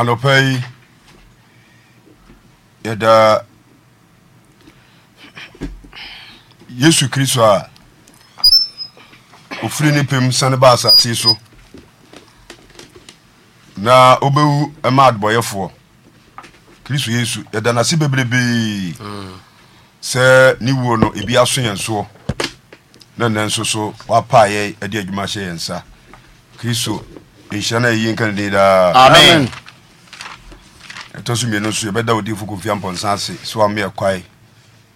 anɔpa yi yɛda yesu kristo a ofiri ne pɛm sane ba asase so na obɛwu ma adebɔyɛfoɔ kristo yesu yɛda nase bebrebee sɛ ne wuo no ebi aso yɛn soɔ na nnɛ nso so wapaa yɛ adwuma hyɛ yɛn nsa kristo nhyira no a ɛyi nka ne din daa amen, amen ɛtɔ so mmienu nso yɛbɛda odifo kofi ampɔnsa ase so ame ɛkwae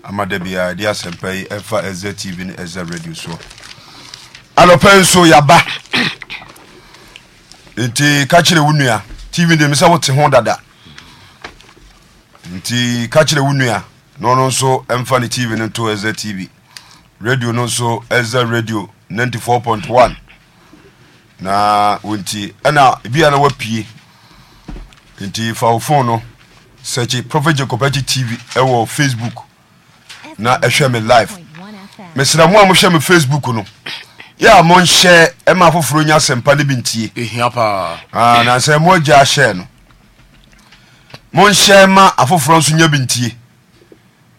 ama da biaa de asɛmpa yi ɛfa ɛza tv ne ɛza radio soɔ anɔpɛ nso yaba nti ka kyerɛ wo nua tv dem sɛ wote ho dada nti ka kyerɛ wo nua na ɔno nso ɛmfa ne tv no nto ɛza tv radio no nso ɛza radio 94.1 na wonti ɛna bia na wapie nti fa wo phone no sɛkyi prophet jacob tv ɛwɔ facebook na ɛhwɛ me live mesrɛ mo a mohwɛ me facebook no yɛ a monhyɛ ɛma foforɔ nya asɛmpa no bi ntie ah, nansɛ moagya hyɛɛ no monhyɛ ma afoforɔ nso nya bi ntie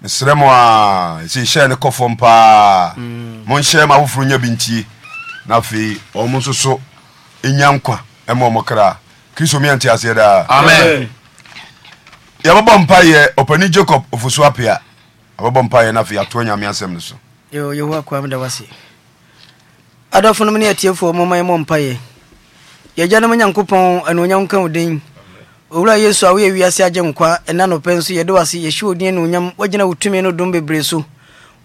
mesrɛ mo a ɛsɛhyɛɛ no kɔfɔm mm. paa monhyɛ ma afoforɔ nya bi ntie na afei ɔmo nso so ɛnya nkwa ɛma ɔmo kraa kristo miante aseɛ daa amen yɛbɛbɔ mpayɛ ɔpani jacob ofusu apea abɛbɔ mpayɛ no afei atoa nyame asɛm no so yehowa kwam da wase adɔfo nom ne atiefoɔ moma yɛmmɔ mpayɛ yɛgyanom nyankopɔn anuonyam nka wo den owura yesu a woyɛ wiase agye nkwa ɛna nɔpɛ nso yɛde wase yɛhyɛ odin anuonyam woagyina wo tumi no dom bebree so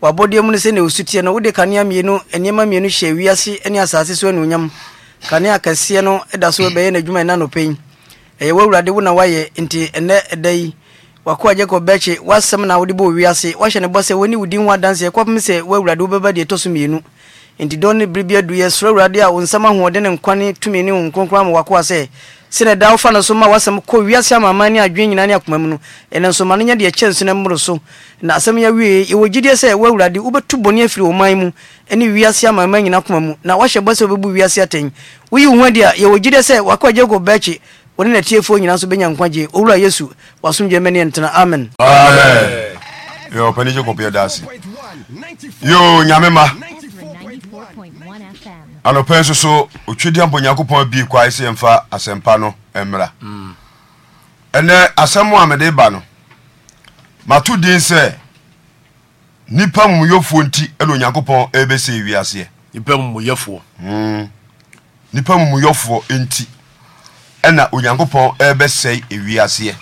wabɔdeɛ mu no sɛnea ɔsutiɛ no wode kanea mmienu nneɛma mmienu hyɛ wiase ne asase so anuonyam kanea kɛseɛ no da so bɛyɛ n'adwuma ɛna nɔpɛ yi ɛyɛ wawurade wo na wayɛ nti ɛnɛ ɛda yi wakoa jacob bɛkye wasɛm na wode bɔ owiase wahyɛ ne bɔ sɛ woni wo din ho adanseɛ kɔpem sɛ woawurade wobɛba deɛ ɛtɔ so mmienu nti dɔ ne bere bi adu yɛ soro awurade a wo nsɛm ahoɔden ne nkwa ne tumi ne wo nkronkron ama wakoa sɛ sɛnɛ da wofa no so ma wasɛm kɔ wiase amama ne adwen nyina ne akoma mu no ɛnɛ nso ma no nya deɛ kyɛ nso no mmoro so na asɛm yɛ wie yɛwɔ gyidie sɛ wo awurade wobɛtu bɔne afiri wo man mu ne wiase amama nyina akoma mu na wahyɛ bɔ sɛ wobɛbu wiase atɛn woyi wo ho adi a yɛwɔ gyidie sɛ wakɔagye kɔ baakyi wo ne natiefoɔ nyinaa nso bɛnya nkwagye owura yesu wasomdwa mani ntena amen amen yɛwɔ pɛne gye kɔpɛ daase yo nyame ma anɔpɛ nso so otwidi ampa onyankopɔn bi kwa sɛ yɛmfa asɛmpa no mmra ɛnɛ asɛm a mede ba no mato din sɛ nipa mumuyɛfoɔ nti ɛna onyankopɔn ɛbɛsɛ wiaseɛ nipa mumuyɛfoɔ hmm. nipa mumuyɛfoɔ nti ɛna onyankopɔn ɛbɛsɛe ewiaseɛ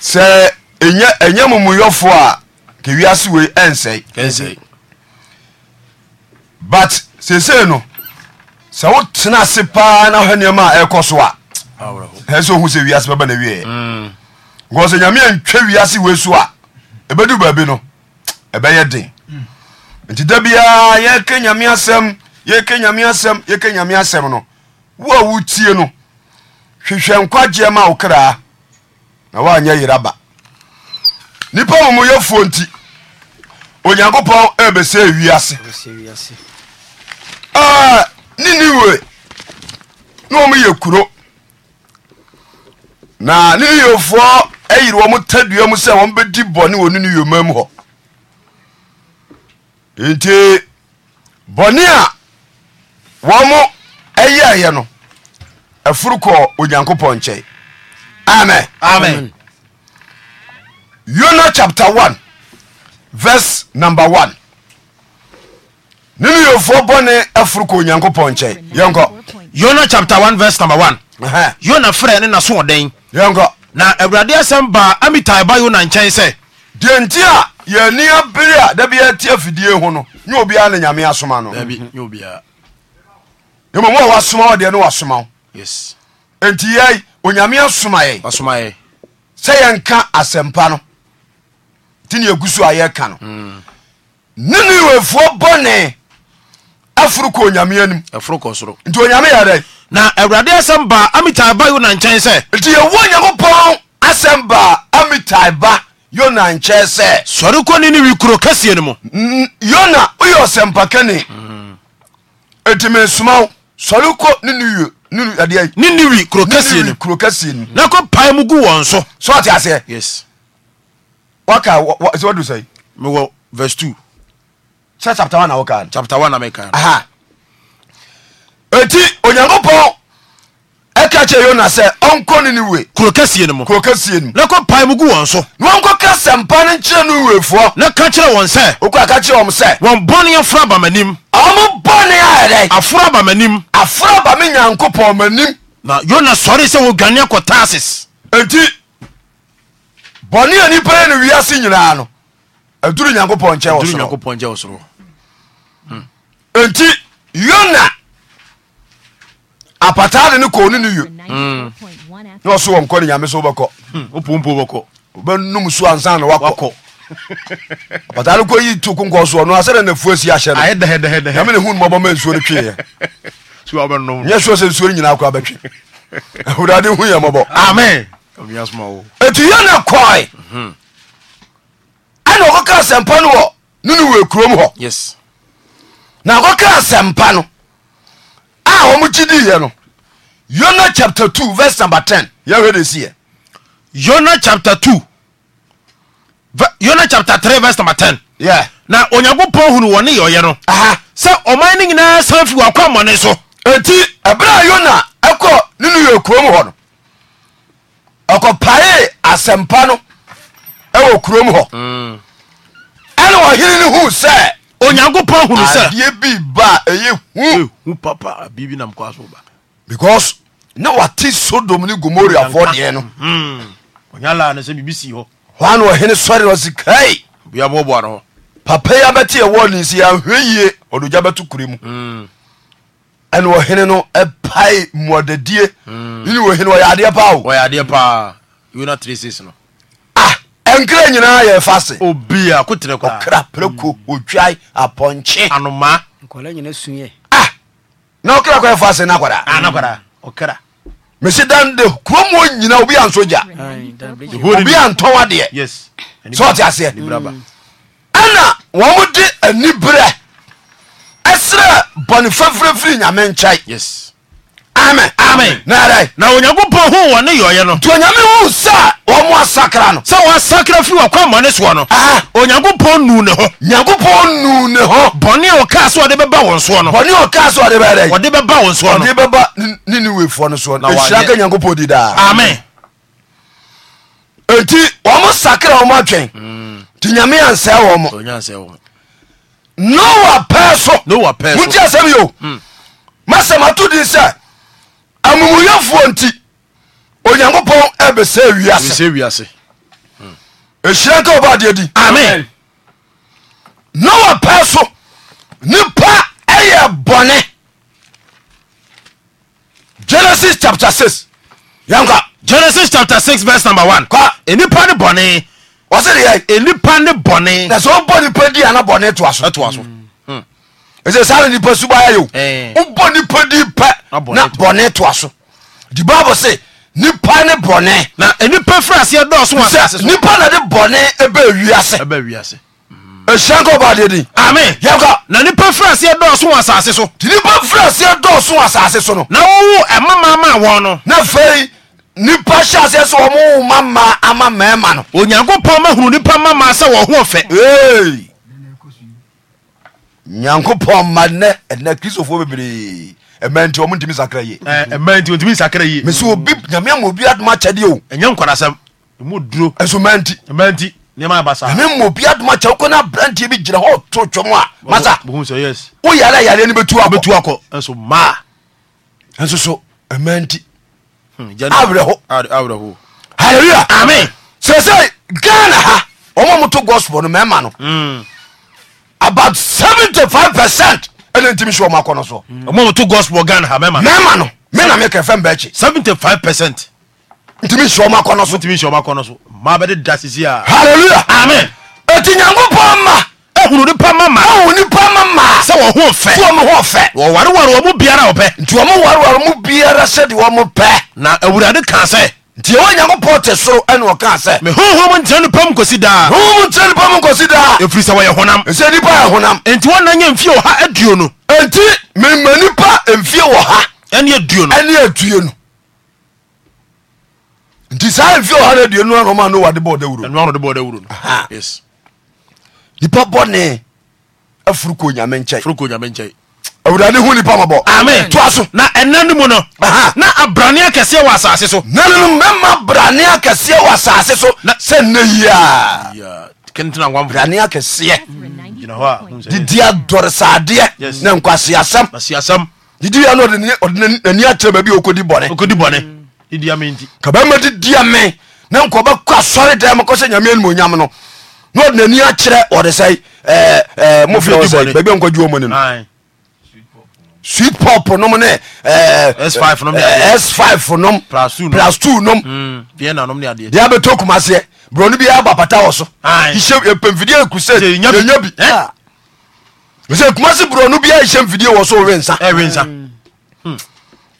sɛ ɛnyɛ ɛnyɛ mumuyɛfoɔ a kewiase wei ɛnsɛe but seesei no sɛ wotena ase paa na hwɛ nneɛma a ɛkɔ so a ɛ sɛ ohu sɛ wiase bɛba na wieɛ nkɔ sɛ nyame antwa wiase wei so a ɛbɛdu baabi no ɛbɛyɛ den mm. nti da biaa yɛka nyame asɛm yɛka nyame asɛm yɛka nyame asɛm no wo a wotie no hwehwɛ nkwagyeɛ ma wo kraa na woanyɛ yera ba nnipa momuyɛfoɔ nti onyankopɔn ɛbɛsɛ wiase Ah, niniwe na wɔn yɛ kuro na niniwefoɔ ayiri e wɔn tadua mu sɛ wɔn bɛdi bɔne wɔ niniwe man mu hɔ nti bɔne a wɔn ɛyɛ ayɛ no ɛfuru e kɔ onyankopɔn nkyɛn amen amen yona chapter one verse number one. nínú yòòfó bọ́ni ẹ̀furukọ onyankopɔn nkyɛn yɛnkɔ. yona chapter one verse number one. yona fẹrẹ ne na sún ọdẹn. na awurade asɛm baa amitai ba yona na sɛ. deɛ nti a yɛni abiri a dabi ɛti afidie ho no nye obiara ne nyame asoma no. ya nye obiara. a wasoma wɔ deɛ ne wasoma wo. yes. nti yɛ onyame asoma yɛ. asoma yɛ. sɛ yɛn ka asɛmpa no ni egu so a ka no. Mm. nínú yòòfó bọ́ni. aforo kɔ onyame anim ɛforo kɔ soro nti onyame yɛ dɛn na awurade asɛm baa amitai ba yona nkyɛn sɛ nti yɛwɔ nyankopɔn asɛm baa amitai ba yona nkyɛn sɛ sɔre kɔni ne wikuro kɛseɛ no mu "N- yona woyɛ ɔsɛmpa kane ɛti mesoma wo sɔre kɔ ne ne ne adeɛ ne niwi kuro kɛseɛ no mu kuro kɛseɛ no na kɔ pae mu gu wɔn so so ɔte aseɛ yes waka sɛ wadu sɛi mewɔ verse two sɛ chapter one na wɔka chapter one na mɛka aha eti onyankopɔn ɛka kyerɛ yona sɛ ɔnkɔ ne ne we kuro kɛsie no mu kuro kɛsie no mu na kɔ pae mu gu wɔn so na wɔnkɔ ka sɛmpa no nkyerɛ no wefoɔ na ka kyerɛ wɔn sɛ wokɔ aka kyerɛ wɔm sɛ wɔn bɔne aforo aba m'anim ɔmo bɔne ayɛdɛ aforo aba m'anim aforo aba me nyankopɔn m'anim na yona sɔre sɛ wɔdwane akɔ tarsis enti bɔne a nipa yɛ no wiase nyinaa no aduru nyankopɔn nkyɛ wɔ soro enti yona apataa de ne kɔɔ ne no yo hmm. na ɔso wɔ nkɔ ne nyame so wobɛkɔ hmm, wopopobɛkɔ wobɛnom so ansa na wakɔ apataa no kɔ yi to konkɔ soɔ no asɛ dɛ nafuo si ahyɛ no nyame ne hu nomɔbɔ ma nsuo no tweeɛ nyɛ suo sɛ nsuo no nyinaa kɔ abɛtwe awurade hu yɛ mɔbɔ amen ɛti yona kɔe mhm. ɛna ɔkɔka asɛmpa no wɔ ne ne wɔ kurom hɔ nakka asɛmpa no a wɔmogyidiiɛ no yona chapt 2 vs n0 yɛdsiɛ yona chapt 2yona chapt 3 vsn 0 na onyankopɔn hunu wɔne yɛɔyɛ no sɛ ɔman no nyinaa san fiiwkammɔne so nti ɛberɛa yona ɛkɔ ne nyɛ kurom hɔ no pae asɛmpa no wɔ kurom h onyankopɔn hunu sɛ adeɛ bi ba ɛyɛ hu hu papa biribi nam kɔ so ba because na wate sodom ne gomoriafoɔ deɛ no hmm. ɔnya ne no sɛ biribi si hɔ hɔ na ɔhene sɔre no ɔse kai bia bɔboa no hɔ papa yi abɛte ɛwɔ ne nsi ahwɛ yie ɔde ogya bɛto kure mu hmm. ɛne ɔhene no ɛpae mmuadadie hmm. ne ne ɔhene ɔyɛ adeɛ paa o ɔyɛ adeɛ paa yona 36 no nkra nyinaa yɛ fase obia ko tere kwa ɔkra prako mm. odwae apɔnkye anoma nkɔla nyina suyɛ ah na ɔkra kɔ yɛ fase na akwadaa anakwara ah, ɔkra mesi dan de kurom hɔ nyina obi anso gya obi antɔn adeɛ yes sɛ ɔte aseɛ mm. ɛna wɔn mo de aniberɛ ɛsrɛ bɔne fɛfrɛ firi nyame nkyɛe yes amen amen nare na onyankopɔn hu wɔ ne yɛɔyɛ no nti onyame hu sɛ wɔmo asakra no sɛ wɔasakra firi wɔkwa mmɔne soɔ no onyankopɔn nu ne hɔ nyankopɔn nu ne hɔ bɔne a ɔkaa sɛ ɔde bɛba wɔn soɔ no bɔne a ɔkaa sɛ ɔde bɛdɛ ɔde bɛba wɔn soɔ no ɔde bɛba ne ne wefoɔ no soɔ no ɛhyira ka nyankopɔn di daa amen enti wɔmo sakra wɔmo atwɛn nti nyame ansɛe wɔ mo noa pɛɛ so motia yo masɛm din sɛ amumuyɛfoɔ nti onyankopɔn ɛbɛsɛ wiase ɛhyira hmm. nka wɔbaadeɛ di amen noa pɛɛ so nipa ɛyɛ bɔne genesis chapter six. yanka genesis chapter six, verse number 1 kɔ nipa ne bɔne wɔsɛ de yɛ nipa ne bɔne na sɛ wɔbɔ nipa di ana bɔne toa so ɛtoa so mm ɛsɛ saa na nipa suba ayɛ o wobɔ nipa di pɛ na bɔne toa so di bible se nipa ne bɔne na nipa firi aseɛ dɔɔso sɛ nipa na de bɔne ɛbɛ wiase ɛhyia nka ɔbaadeɛ din ame yɛka na nipa firi aseɛ dɔɔso wɔ asase so nti nipa firi aseɛ dɔɔso wɔ asase so no na wowo ɛma ma ma wɔn no na afei nipa hyɛ aseɛ sɛ ɔmo wo ma ma ama mɛɛma no onyankopɔn mahunu nipa ma ma sɛ wɔ ho ɔfɛ nyankopɔn ma nnɛ ɛnɛ kristofoɔ bebree ɛmɛ nti ɔmo ntumi sakra yie. ɛɛ ɛmɛ ntumi sakra yie. mɛ sɛ obi nyamia ma obi aduma kyɛdeɛ o. ɛnyɛ nkɔdasɛm mu duro. ɛso mɛ nti. mɛ nti nneɛma yɛ basa. nyamia ma obi aduma kyɛw ko na aberanteɛ bi gyina hɔ to twɛm a. masa o yàrá yàrá ni bɛ tu akɔ. bɛ tu akɔ ɛso maa. ɛso so ɛmɛ nti. Hmm, awurɛ hɔ. hallelujah. ami. sɛsɛ ghana ha ɔmo mo to gospel no mɛma no. Hmm about seventy-five percent ɛne ntimi so ɔmakɔ no so ɔmɔmoto gospel ghana ha mɛma mɛma no mena mekɛ fɛm Seventy-five percent ntimi so ɔmakɔ no so ntimi so ɔmakɔ no so ma bɛde da sisi a hallelujah amen ɛti nyankopɔn ma ehunu nipa mama ehunu nipa mama sɛ wɔn ho fɛ sɛ wɔn ho fɛ wɔware ware wɔn mu biara wɔpɛ nti wɔn ware ware mu biara sɛ de wɔn pɛ na awurade kan sɛ nti ɛwɔ nyankopɔn te soro ɛne ɔkaa sɛ mehohom ntena no pam kɔsi daa honhom ntena no pam kɔsi daa ɛfiri sɛ wɔyɛ honam ɛsɛ nipa yɛ honam enti wɔna nyɛ mfie wɔ ha aduo no enti mema nipa mfie wɔ ha ɛne aduo no ɛne aduo no nti saa mfie wɔ ha no aduo no anɔma no wade bɔ dawuro bɔ dawuro nipa bɔne afuru ko nyame nkyɛn wrane ho nipa mab toa so na ɛnane mu no n abranekɛsiɛ ws so ma branekɛsiɛ wsase so sɛ nianekɛsiɛdidi dɔre saadeɛ nenkssɛmnkyerɛ bdi bɔbɛma dedia me n nkbɛkɔ asɔre dɛmɛ yamenmyam dnni kyerɛ sweet pop nom ne eh, s5 eh, eh, nom plus 2 nom mm, deɛ bɛtɔ kuma seɛ buroni biara ba pata wɔ so hyɛ mpemfidie aku sɛ yɛnya bi ah. sɛ kuma se buroni biara hyɛ mfidie wɔ so ɔwe nsa mm. hmm.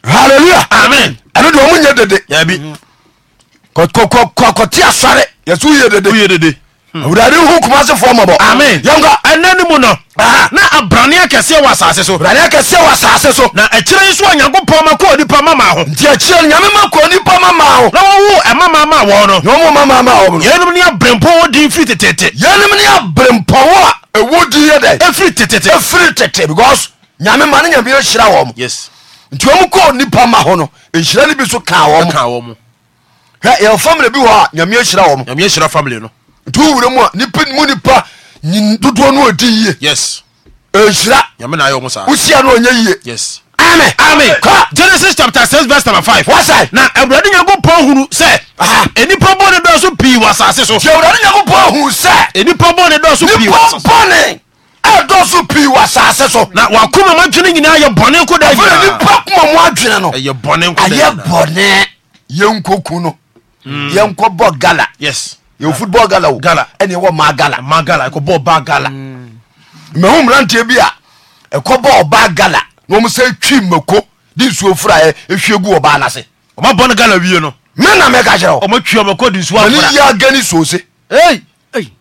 halleluya ɛno deɛ ɔmo nyɛ dede kɔte asɔre yɛsɛ woyɛ dede Hmm. awurade hu kuma se fo mɔbɔ. ami yanga ɛnɛ ni mu nɔ. na abraneɛ kɛseɛ wɔ asase so. abraneɛ kɛseɛ wɔ asase so. na akyire nso a nyankopɔn ma kɔɔ nipa ma maa ho. nti akyire nyame ma kɔɔ nipa ma maa ho. na wɔwo ɛma maa maa wɔn no. na wɔn ma maa maa wɔn no. yɛnum ni abirempɔn wɔ din firi tètè. yɛnum ni abirempɔn a ewu di yɛ dɛ. efiri tètè. efiri tètè because nyame ma ne nyame yɛ hyira wɔn. yes. nti wɔn kɔɔ nipa ma ho no nhyira ni bi so kan wɔn. kan wɔn. hɛ yɛn family bi wɔ a nyame yɛ hyira wɔn. nyame family no nti wowere mu a nipa mu nipa dodoɔ no ɔdi yie ɛnhyira wosia no ɔnyɛ yie amen genesis chapter six verse number five. wasa na awurade nyankopɔn hunu sɛ. enipa bɔnne dɔɔso pii wɔ asase so. jɛ awurade nyankopɔn hunu sɛ. enipa bɔnne dɔɔso pii wɔ asase so. nipa bɔnne ɛdɔɔso pii wɔ asase so. na wa kuma ma twene nyinaa yɛ bɔnne ko da nyinaa. nipa kuma mu adwene no. ɛyɛ bɔnne ko da nyinaa. no. yɛn mm. bɔ gala. yes yɛwɔ football gala o gala ɛne yɛwɔ maa gala maa gala ɛkɔ bɔ ɔbaa gala mɛhu mm. mmeranteɛ bi a ɛkɔ bɔ ɔbaa gala na wɔn sɛ twi mmako de nsuo fura yɛ ehwie gu ɔbaa n'ase. ɔmɔ bɔ ne gala wie no. mɛ na mɛ ka kyerɛ o. ɔmɔ twi ɔmɔ kɔ di nsuo afura. mɛ ni yia gɛ ni soose. ɛyi ɛyi.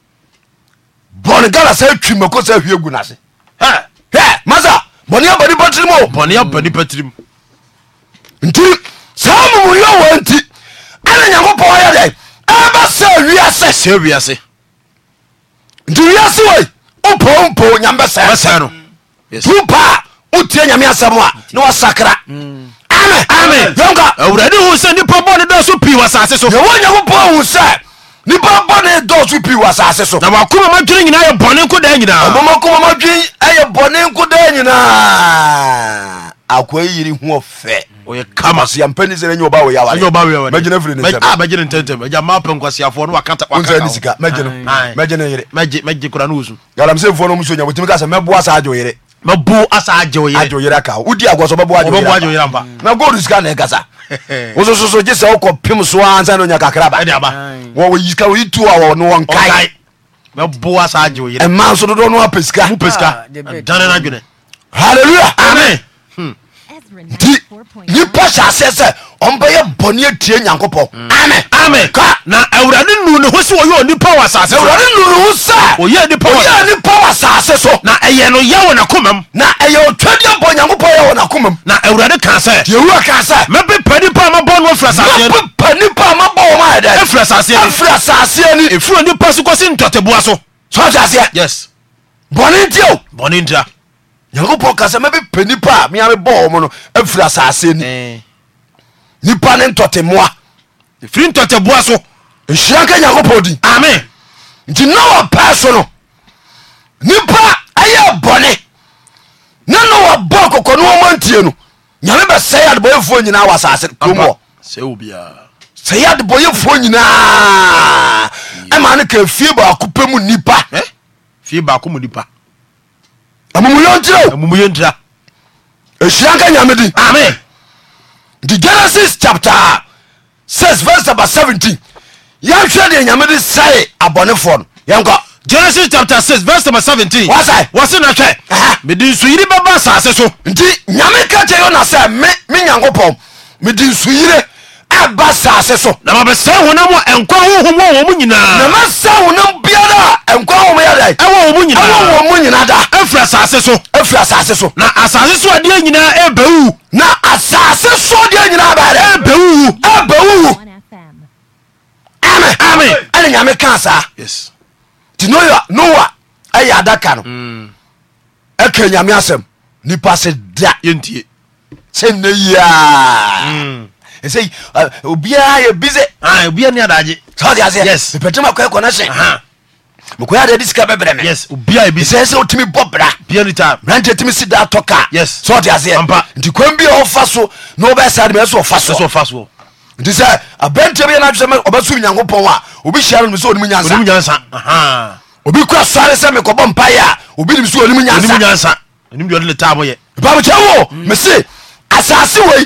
gala sɛ twi mmako sɛ ehwie gu n'ase. hɛ hɛ masa bɔnni abɔ nipa tirim o. bɔnni abɔ nipa tirim. nti saa mumuyɔ wɔ nti ɛna nyankopɔn yɛ dɛ ɛbɛ sɛsɛe ntiwise e mpmp nymɛs paa wotia nyame asɛm a ne wsakraw hu sɛ nipa bɔne so pii wsase sow nyankopɔ hu sɛ nipa bɔne dɔso pii wɔsase sonwkomama dwen nyina yɛ bɔnenko da yinaawn yɛ bɔne nko da yinaa akyri h oyɛ kama sɛ yɛmpɛ ah, ne sɛ ɛnyɛ ɔba wɔyɛ awaremɛgyene firi ne sɛmɛgyene ntɛntɛm agya mapɛ nkwasiafoɔ no wakawonsɛ ne sika mɛgyene mɛgyene yere mɛgye kora no wɔsu galamsɛmfoɔ no muso nya wotumi ka sɛ ah, mɛboa saa agye yere mɛbo asa agye wo yere agye wo yere aka wodi agwa so bɛbo agye wo yere agye wo yere mpa na gold sika na ɛkasa woso soso gye sɛ wokɔ pem so a ansa na onya kakra ba ɛdeaba wɔwɔ yi sika wɔyi tu a wɔ no wɔn kae mɛbo asa agye wo yere ɛma nso dodoɔ no apɛ sika mopɛ sika dane no adwene halleluya amen nipa hyɛaseɛ sɛ ɔmbɛyɛ bɔne atie nyankopɔn ame ka na awurade nu ne ho sɛ wɔyɛ onipa wɔ asase so awurade nu ne ho sɛ ɔyɛ nipa ɔyɛ nipa wɔ asase so na ɛyɛ no yɛ wɔ n'akomam na ɛyɛ ɔtwadeɛ bɔ nyankopɔn yɛ wɔ n'akomam na awurade ka sɛ yɛwura ka sɛ mɛpepa nipa a mabɔ no afiri asaseɛ mɛpepa nipa a mabɔ wɔ ma ɛdɛ afiri asaseɛ afiri asaseɛ ni ɛfiri nipa so kɔsi ntɔteboa so so asaseɛ yes bɔne ntia o bɔne ntia nyankopɔn ka sɛ mɛbɛpɛ nipa a mea mebɔɔ mu no afiri asase ni eh. nipa ne ntɔte mmoa ɛfiri ntɔte boa so nhyira nka nyankopɔn din amen nti noa pɛɛ so no nipa ayɛ bɔne na noa bɔ kɔkɔ ne wɔma ntie no nyame bɛsɛe adebɔyɛfoɔ nyinaa wɔ asase kurom hɔ sɛ yɛ adebɔyɛfoɔ nyinaa ɛma ne ka fie baako pɛ mu nipa fie baako mu nipa amum ye ntirmr siake yamedi amn nti jenesis chapter 6 vs nb 7 ya fe de yamede sei abone fn jensis ap 6 wasins mede nsu yeri baba sa se so nti yame kete yonase meyanku po medi nsu yere ɛba saase so na mabɛsɛe honam a ɛnkwa honhom wɔ wɔ mu nyinaa na mɛsa honam biara a ɛnkwa wɔ mu yɛdɛ ɛwɔ wɔ mu nyinaa ɛwɔ wɔ mu nyinaa da ɛfiri asase so ɛfiri asase so na asase so adeɛ nyinaa ɛbɛwu na asase so adeɛ nyinaa bɛdɛ ɛbɛwu ɛbɛwu amen amen ɛne nyame kaa saa yes noa ɛyɛ adaka no mm. ɛka nyame asɛm nipa se da yɛntie sɛ nnɛ yiaa mm. seobi e bin basaee tamekese asase we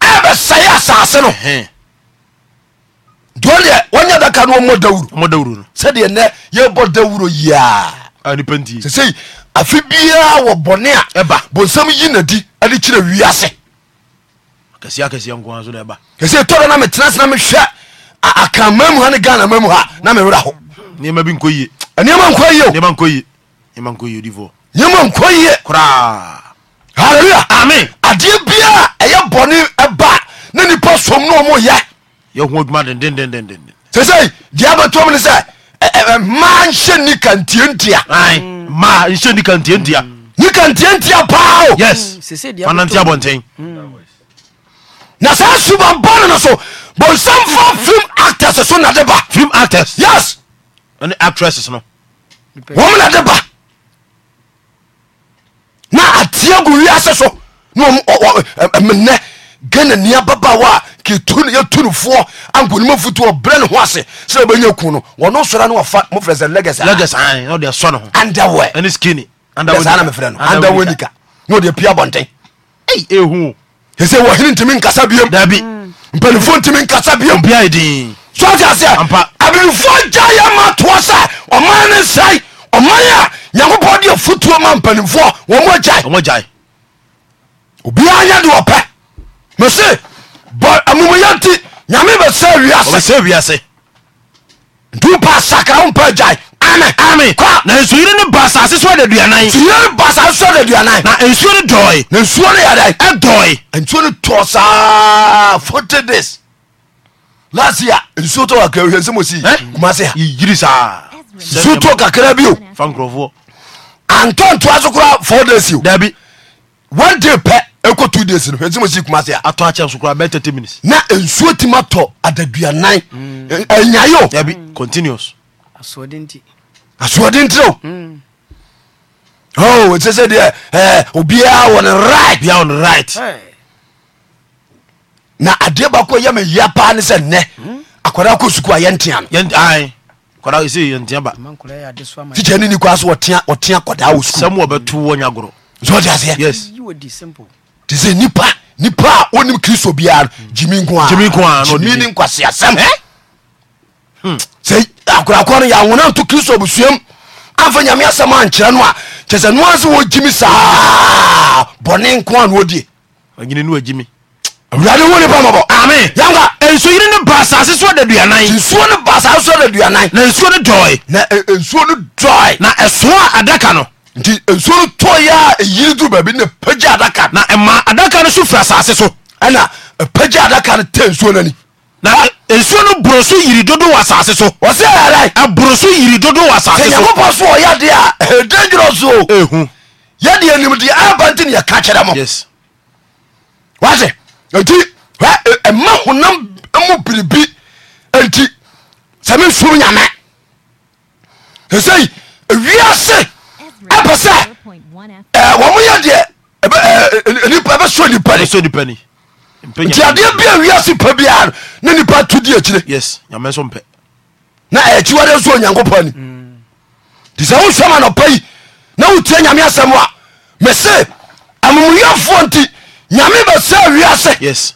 ɛbɛsɛe asase no deɛ wɔnyɛ daka no ɔmmɔ dawuro sɛdeɛ nɛ yɛbɔ dawuro yiaa sɛsei afe biara wɔ bɔne a ɛba bonsam yi nadi ade kyerɛ wiase kɛsɛ ɛtɔdɔ na metenasena mehwɛ aka mamu ha ne ghana mamu ha na mewerɛ ho nneɛma nkɔ yie nneɛma nkɔ yie nneɛma nkɔ yie koraa aleam adeɛ biaa ɛyɛ bɔne ba na nipa som no ɔ moyɛ sesei deabatoa m no sɛ ma nhyɛ nika ntiaiaɛa ka naa pa na saa subambɔne no so bɔnsam fa frim actes so nade baceyes act ɔm nade ba na ateɛ gu wiase so menɛ ghana nia baba wa kyɛtu no foɔ ankonima futu ɔbrɛ ne ho ase sɛ wobɛnya ku no wɔno sora no wafa mofrɛ sɛ leges andawɛsanamefrɛ no andawɛ nika na ɔde pia bɔnten ɛsɛ wɔhene ntimi nkasa biam mm. mpanifo ntimi nkasa biam so ate aseɛ abenefoɔ gya yɛ ma toɔ sɛ ɔma ne sɛe ɔma a nyankopɔn de afotuo ma mpanimfoɔ wɔmo agyae obiaa nyɛ de wɔpɛ mese bɔ amumuyɛ nti nyame bɛsɛ wiase nti wopa asakra wompa agyae ame na nsuyiri ne ba asase so adaduanan nsuyiri ne ba asase so adaduanan na nsuo ne dɔɔe na nsuo ne yɛdɛ ɛdɔɔe nsuo ne tɔ saa forty days last year nsuo tɔ kakra hwɛ nsɛm osi kumase ha yiri saa nsuo tɔ kakra bio fa nkurɔfoɔ antontoa so kora four days o dabi one day pɛ ɛkɔ two days no ɛsɛ mo si kuma se a. atɔ akyɛ so kora bɛɛ thirty minutes. na nsuo ti ma tɔ adaduanan ɛnyaye o. dabi continuous. asoɔden ti. asoɔden ti o. oh ɛsɛ sɛ deɛ ɛɛ obiara wɔ ne right. obiara wɔ ne right. na adeɛ baako yɛ mɛ yia paa ne sɛ nnɛ akwadaa kɔ sukuu a yɛn tia no. yɛn ayi kɔda ɛsɛ yɛ ntia ba tikyɛ ne ni kora so ɔtea kɔdaa wɔ sukuu sɛm wɔbɛto wɔ nya gorɔ sɛ ɔde aseɛ yes te sɛ nipa nipa a onim kristo biara no gyimi nko a gyimi nko a gyimi ne nkwasi asɛm hmm. sɛ akorakɔ no yɛawona nto kristo busuam amfa nyame asɛm ankyerɛ no a kyɛ sɛ noa sɛ wɔgyimi saa bɔne nko a na wɔdie ɔnyini ne wɔgyimi awurade wo nipa mɔbɔ ami yanka nsuoyiri ne ba asase so da duanan nsuo ne ba asase so da duanan na nsuo ne dɔɔye na e, e, nsuo ne dɔɔye na ɛsoa adaka no nti nsuo no tɔɔye a eyiri duru baabi na pagya adaka na ɛma adaka no so firi asase so ɛna e, pagya adaka no tɛ nsuo n'ani na nsuo no boro so yiri dodo wɔ asase so wɔsɛ ɛyɛrɛ ɛboro so yiri dodo wɔ asase so ɛnyɛkopɔ so ɔyɛ deɛ a ɛyɛ dangerous o ehu yɛ deɛ nim deɛ ayɛ ba nti ne yɛ ka kyerɛ mo wate nti ma honam mu biribi nti sɛ mensom nyame A wiase ɛpɛ sɛ wɔmoyɛ un ɛbɛsɔ ni nti adeɛ bia wiase pa biaa no ne nipa to di akyire na ɛkyiwade nso onyankopɔn ni nti sɛ Un yi na wotie nyame asɛm a mese nti nyame bɛsɛ wiase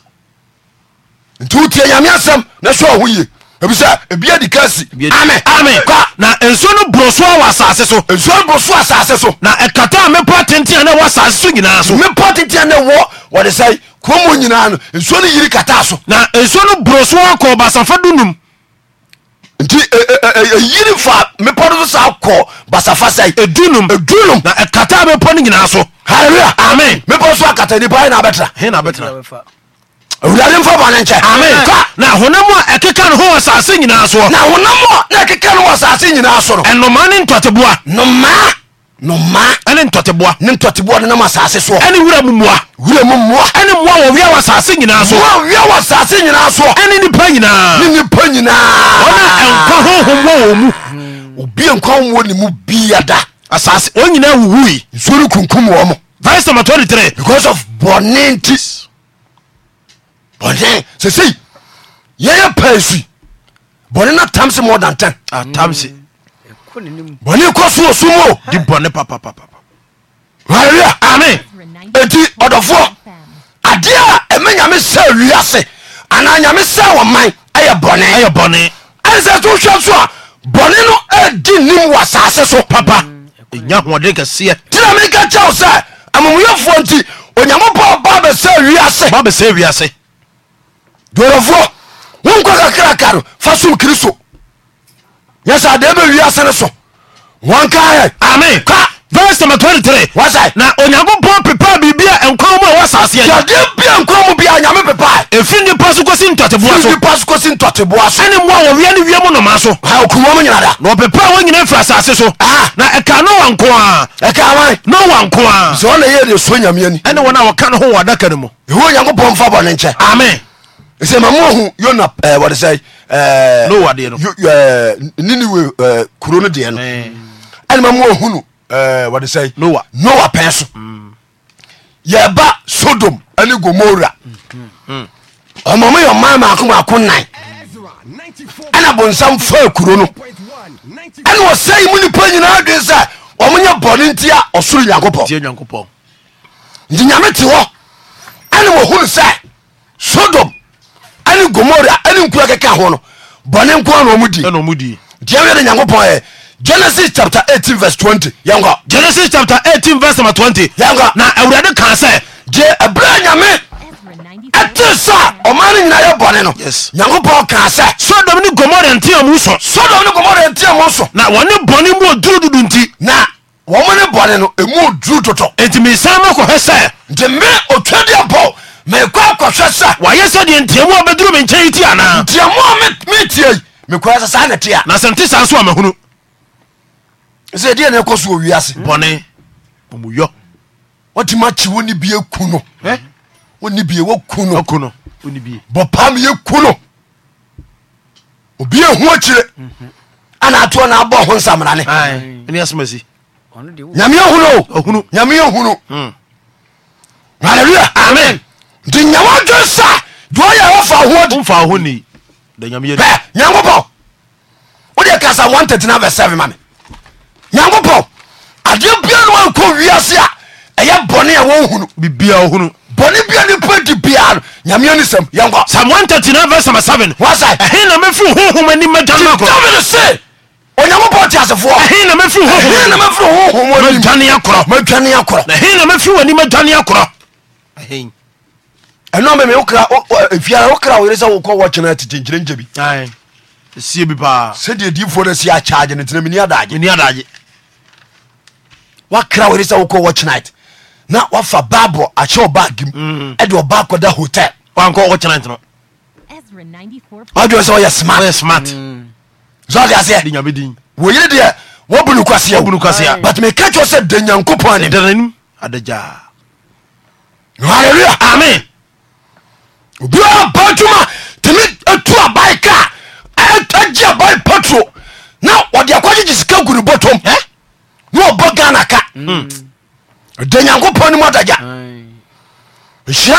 nti wotie nyame asɛm na sɛ ho ye ebisɛ ebia di ka si na nsuo no boro so wɔ asase so nsuo no boro so asase so na ɛkata a mepɔ tenten a na ɛwɔ asase so nyinaa so mepɔ tenten a na ɛwɔ wɔde sɛ kurom nyinaa no nsuo no yiri kata so na nsuo no boro so akɔ basafo dunum nti eh, eh, eh, yiri fa mepɔ no so saa kɔ basafa sɛi edunum edunum na ɛkata mepɔ no nyinaa so hallelujah amen mepɔ so akata nipa hɛ na abɛtena hɛ na abɛtena awurade mfa bɔne nkyɛ amen ka na honam a ɛkeka no ho wɔ saase nyinaa soɔ na honam a na ɛkeka no wɔ saase nyinaa so no ɛnomaa ne ntɔteboa nomaa noma ɛne ntɔteboa ne ntɔteboa ne nam asase soɔ ɛne wura mu mmoa wura mu mmoa ɛne mmoa wɔ wia wɔ asase nyinaa so wɔ wia wɔ asase nyinaa soɔ ɛne nipa nyinaa ne nipa nyinaa ɔna nkwa honhom wɔ wɔn mu obi nkwa honhom wɔ ne mu bia da asase wɔn nyinaa wuwui nsuo ne kunkum wɔn mo verse number twenty three because of bɔnne nti bɔnne sese yɛyɛ pɛɛsi bɔnne na tamsi more than ten. a tamsi. Mm bɔne kɔ so osu mu o di bɔne papapapa hallelujah amen eti ɔdɔfoɔ adeɛ a ɛmɛ nyame sɛ wiase anaa nyame sɛ wɔ man ɛyɛ bɔne ɛyɛ bɔne ɛnsɛ to hwɛ so a bɔne no adi nim wɔ asase so papa ɛnya hoɔden kɛseɛ tena meka kyɛ wo sɛ amomuyɛfoɔ nti onyankopɔn ba bɛsɛ wiase ba bɛsɛ wiase dɔdɔfoɔ wonkɔ kakraka no fa som kristo yẹsẹ ade bẹ wi asẹrẹ sọ wọn ká yẹ. ami ká verse number twenty three. wáṣẹ. na onyankopɔn pepa biribi a nkwan mu a ɛwɔ asaase yɛ. yadeɛ bi a nkwan mu bi a nyame pepa. efi nipa so kosi ntɔteboa so. efi nipa so kosi ntɔteboa so. ɛni mu a wɔwia ni wiamu nɔma so. ha okun wɔn nyina da. na ɔpepa wɔn nyina firi asaase so. na ɛka no wa nko a. ɛka wa ye. no wa nko a. sɛ ɔna yɛ de so nyamea ni. ɛni wɔn a wɔka no ho wɔ adaka no mu. ihu onyankopɔn fa bɔ ne nkyɛn. amen sɛ ma mohu yona wɔde sɛ niniwe eh, kuro no deɛ no eh. ɛne ma moahu no eh, wɔde sɛ noa pɛn so mm. yɛba sodom ane gomora ɔma mo yɛ ma maako maako nan ɛna bonsam faa kuro no ɛne wɔsɛi mu nipa nyinaa dwen sɛ ɔmonyɛ bɔne nti a ɔsoro nyankopɔn nti nyame te hɔ ɛne wɔhu sɛ yis 20enis 820 wurade ka sɛ dɛ bra nyame te sa ɔma ne nyina yɛ bɔne no nyankopɔn ka sɛ sodom ne gomora nteam s s na wɔne bɔne mu duru dudu nti na wɔm ne bɔne no mu duru dodo ntimisan mɛ kɔhɛ sɛ nde me otwa diabɔ meka ko se se ye ntm oketntm et ean ttsasoahun ednko swis on oyo taekn bhkr ntnbosa am nti nyama dwe sa ni? duɔyɛ wɔfa hoɔd bɛ nyankopɔn wode ka sa 139 verse 7 ma me nyankopɔn adeɛ bia no wankɔ wiase a ɛyɛ bɔne a wɔhunu bibia ohunu bɔne bia nipa di bia no nyame ani sɛm yɛnkɔ sam 139 verse 7 wasa ɛhe na mɛfiri honhom ani mɛdwane akɔ david se onyankopɔn te asefoɔ ɛhe na mɛfiri honhom na mɛfiri honhom ani mɛdwane akɔ mɛdwane akɔ ɛhe na mɛfiri wani mɛdwane akɔ ɛhe ɛno meme fiara wo eh, kra woyere sɛ wokɔ wɔkyena tetenkyerɛ nkya bi sie bi paa sɛdeɛ diifoɔ no sie akyagye no tena meni adagye meni adagye wakra woyere sɛ wokɔ wɔkyenait na wafa bible ahyɛ ɔba gim ɛde ɔba akɔda hotel wankɔ wɔkyenait no wadwene sɛ wɔyɛ smart wɔyɛ smart mm. sɔde aseɛ de nyame din wɔyere deɛ wɔbu nokwaseɛ wɔbu nokwaseɛ but meka kyerɛ sɛ da nyankopɔn ne dananim adagyaa hallelujah amen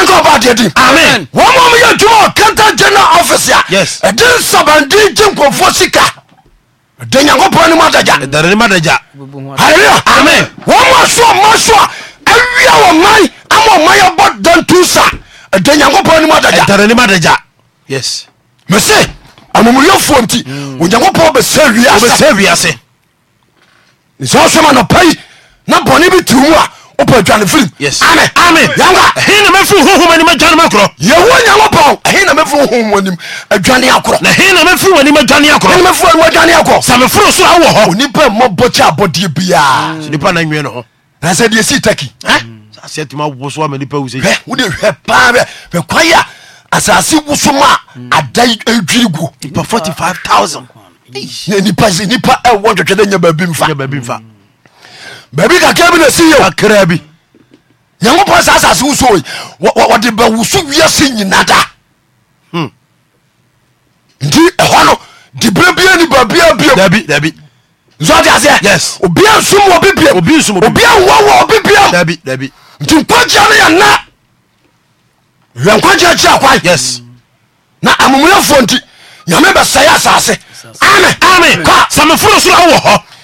nka ɔba adeɛ din amen wɔn mu yɛ adwuma ɔkanta general office a ɛde nsabanden gye nkurɔfoɔ sika de nyankopɔn ne mu adagya halleluya amen wɔn mu aso ɔma so a awia wɔ man ama ɔma yɛbɔ dantu sa de nyankopɔn ne mu adagya yes mese amumuyɛfoɔ nti onyankopɔn bɛsɛ wiase sɛ soma nɔpa yi na bɔne bi tiri mu a wopɛ dwane firim ame ame yanka ɛhe na mɛfiri honhom anim adwane makorɔ yɛwo nyankopɔn ɛhe na mɛfiri honhom anim adwane akorɔ na ɛhe na mɛfiri w'anim adwane akorɔ ɛhe na mɛfiri w'anim adwane akorɔ sɛ meforo so awɔ hɔ onipa mmɔbɔ kyɛ abɔdeɛ biaa nipa na nwee no hɔ na sɛ deɛ sii taki asɛ tumi awo so ama nipa wusɛ wode hwɛ paa bɛ bɛkwae a asase woso ma ada adwiri go nipa 45000 nipa ɛwɔ ntwɛtwɛ dɛ nya baabi mfa baabi kakra bi na si yɛ kakra bi nyankopɔn saa asase wo so wɔde bɛwoso wiase nyina da nti ɛhɔ no dibere bia ni baabia biom nso ɔte aseɛ obia nsom wɔ bibiam obia nwɔ wɔ bibiam nti nkwagyia no yɛ na yɛ nkwagyia kyia kwan na amomuyɛfoɔ nti nyame bɛsɛe asase ame sameforo soro awɔ hɔ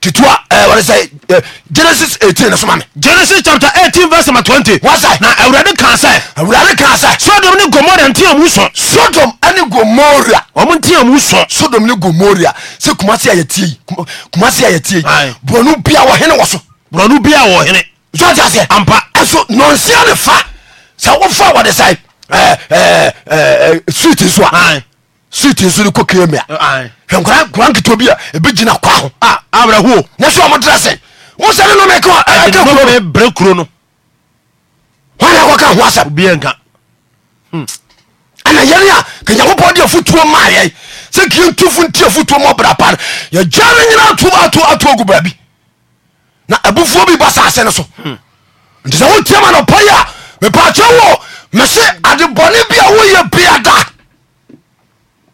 titua ɛwɔde eh, sɛ eh, genesis eighteen soma mi. genesis chapter eighteen verse number twenty. wasa na awurade kan sɛ. awurade kan sɛ. sodom ni gomora nti a mu sɔn. sodom ani gomora. wɔn nti a mu sɔn. sodom ni gomora se kumasi a yɛ tie yi kumasi a yɛ tie yi buronu bia wɔ hene wɔ so. buronu bia wɔ hene. zɔn ti a seɛ. anpa. ɛso nɔnsia ne fa sɛ wofa wɔde sɛ ɛɛ ɛɛ ɛɛ suwiti so seat nso no kɔkra mu a hwɛ nkora nkora nketewa bi a ebi gyina kwa ho awerɛhoɔ nyɛ sɛ ɔmo dra se wo sɛ ne nome ka brɛ kuro no hwane akɔka ho asɛm ana hmm. yɛne a ka nyankopɔn de afotuo maa yɛi sɛ kie tufo nti afotuo mɔ bra pa no yɛgya no nyina ato ato ato agu baabi na abufuo bi ba saase no so hmm. nti sɛ wotiama no pɔyi a mepaakyɛ wo mese adebɔne bi a woyɛ biada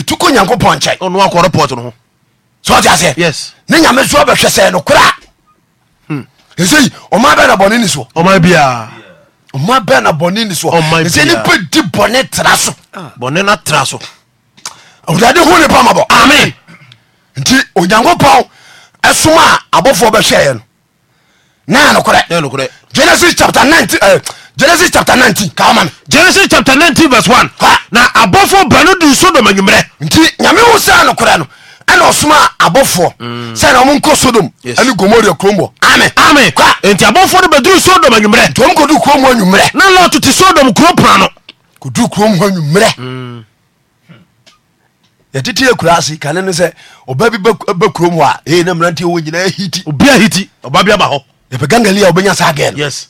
ɛtuko nyankopɔn nkyɛ ɔnoakɔ report no ho sɛ ɔte aseɛ ne nyame so bɛhwɛ sɛ no koraa hmm. ɛsɛi ɔma bɛ na bɔne ni soɔ ɔma bia ɔma bɛ bɔne ni soɔ ɛsɛ nipa di bɔne tra so ah, bɔne na tra so awurade ho ne pa mabɔ amen nti onyankopɔn ɛsoma a abɔfoɔ bɛhwɛɛ no na nokorɛ genesis chapter 9 genesis chapter 19 kama me genesis chapter 19 verse 1 ha na abɔfoɔ bɛno du sodom anwummerɛ nti nyame wo saa nokorɛ no ɛna ɔsoma abɔfoɔ mm. sɛ na ɔmo nkɔ sodom ɛne gomoria kurom wɔ ame ame kwa nti abɔfoɔ no bɛduru sodom anwummerɛ nti ɔmo kɔdu kurom hɔ anwummerɛ na lɔto te sodom kuro pra no kɔdu kurom hɔ anwummerɛ mm. yɛtete yɛ kura ase kane no sɛ ɔba bi bɛ kurom hɔ a ɛyɛ na mmeranteɛ wɔ nyinaa hiti obi ahiti ɔba bi aba hɔ yɛpɛ gangalia wobɛnya saa gɛ no yes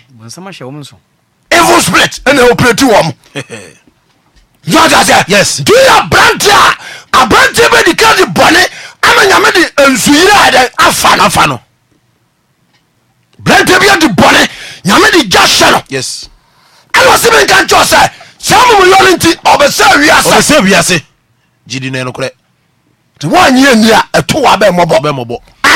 evil spirit ɛna operate wɔm yɔdasɛ Yes. nti yɛ aberante a aberante bɛdi ka de bɔne ama nyame de nsuyire a dɛ afa no afa no berante bi ade bɔne nyame de gya hyɛ no yes ɛna ɔse menka nkyɛw sɛ saa momuyɔ no nti ɔbɛsɛ ɔbɛ wiasɛ sɛ wiase gyidi no ɛnokorɛ nti woanyeɛ ni a ɛto wabɛmmɔbɔ bɛmɔbɔ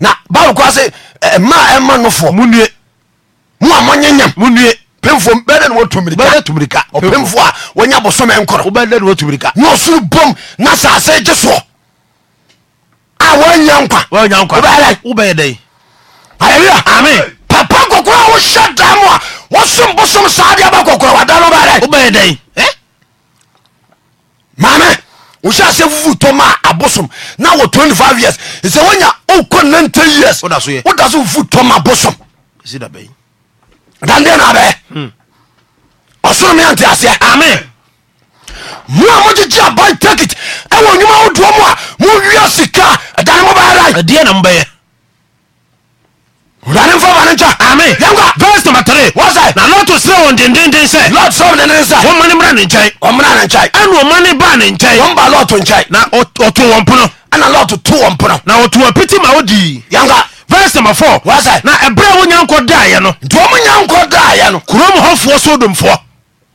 na bible kora se ma ɛma nofoɔ munue mo a mɔnyeyam munue pemfo bɛdɛ ne watumirika tumirika ɔpemfo a wɔnya bosome nkoro wobɛdɛ ne watumirika na ɔsoro bom na sase gye soɔ a wɔanya nkwa wɔanya nkwa wobɛyɛ dɛ wobɛyɛ dɛ hallelujah amen papa kɔkɔrɔ a wohyɛ dan mu a wɔsom bosom saa deɛ ba kɔkɔrɔ wada no wobɛyɛ dɛ wobɛyɛ dɛ maame wohyɛ ase fufu tɔm a abosom na twenty-five years sɛ wonya wokɔ 90 years woda so fufu tɔm abosom dandeɛ na bɛɛ hmm. ɔsoro me ante aseɛ amen mo a mogyegye aban takit ɛwɔ nnwuma wodoɔ mu a mowie sika ɛdane mobɛɛra ɛdeɛ na mobɛyɛ wurade nfa wurade nkyɛ. ami yankwa. verse number three. wɔsɛ. na lɔɔtu sira wɔn dendenden sɛ. lɔɔtu sira wɔn dendenden sɛ. wɔn mani mura ne nkyɛn. wɔn mura ne nkyɛn. ɛna wɔn mani ba ne nkyɛn. wɔn ba lɔɔtu nkyɛn. na ɔtu wɔn pono. ɛna lɔɔtu tu wɔn pono. na ɔtu wɔn piti ma o di. yankwa. verse number four. wɔsɛ. na ɛbrɛ wɔn nyankɔ daayɛ no. nti wɔn nyankɔ daayɛ no. kurom hɔfoɔ sodomfoɔ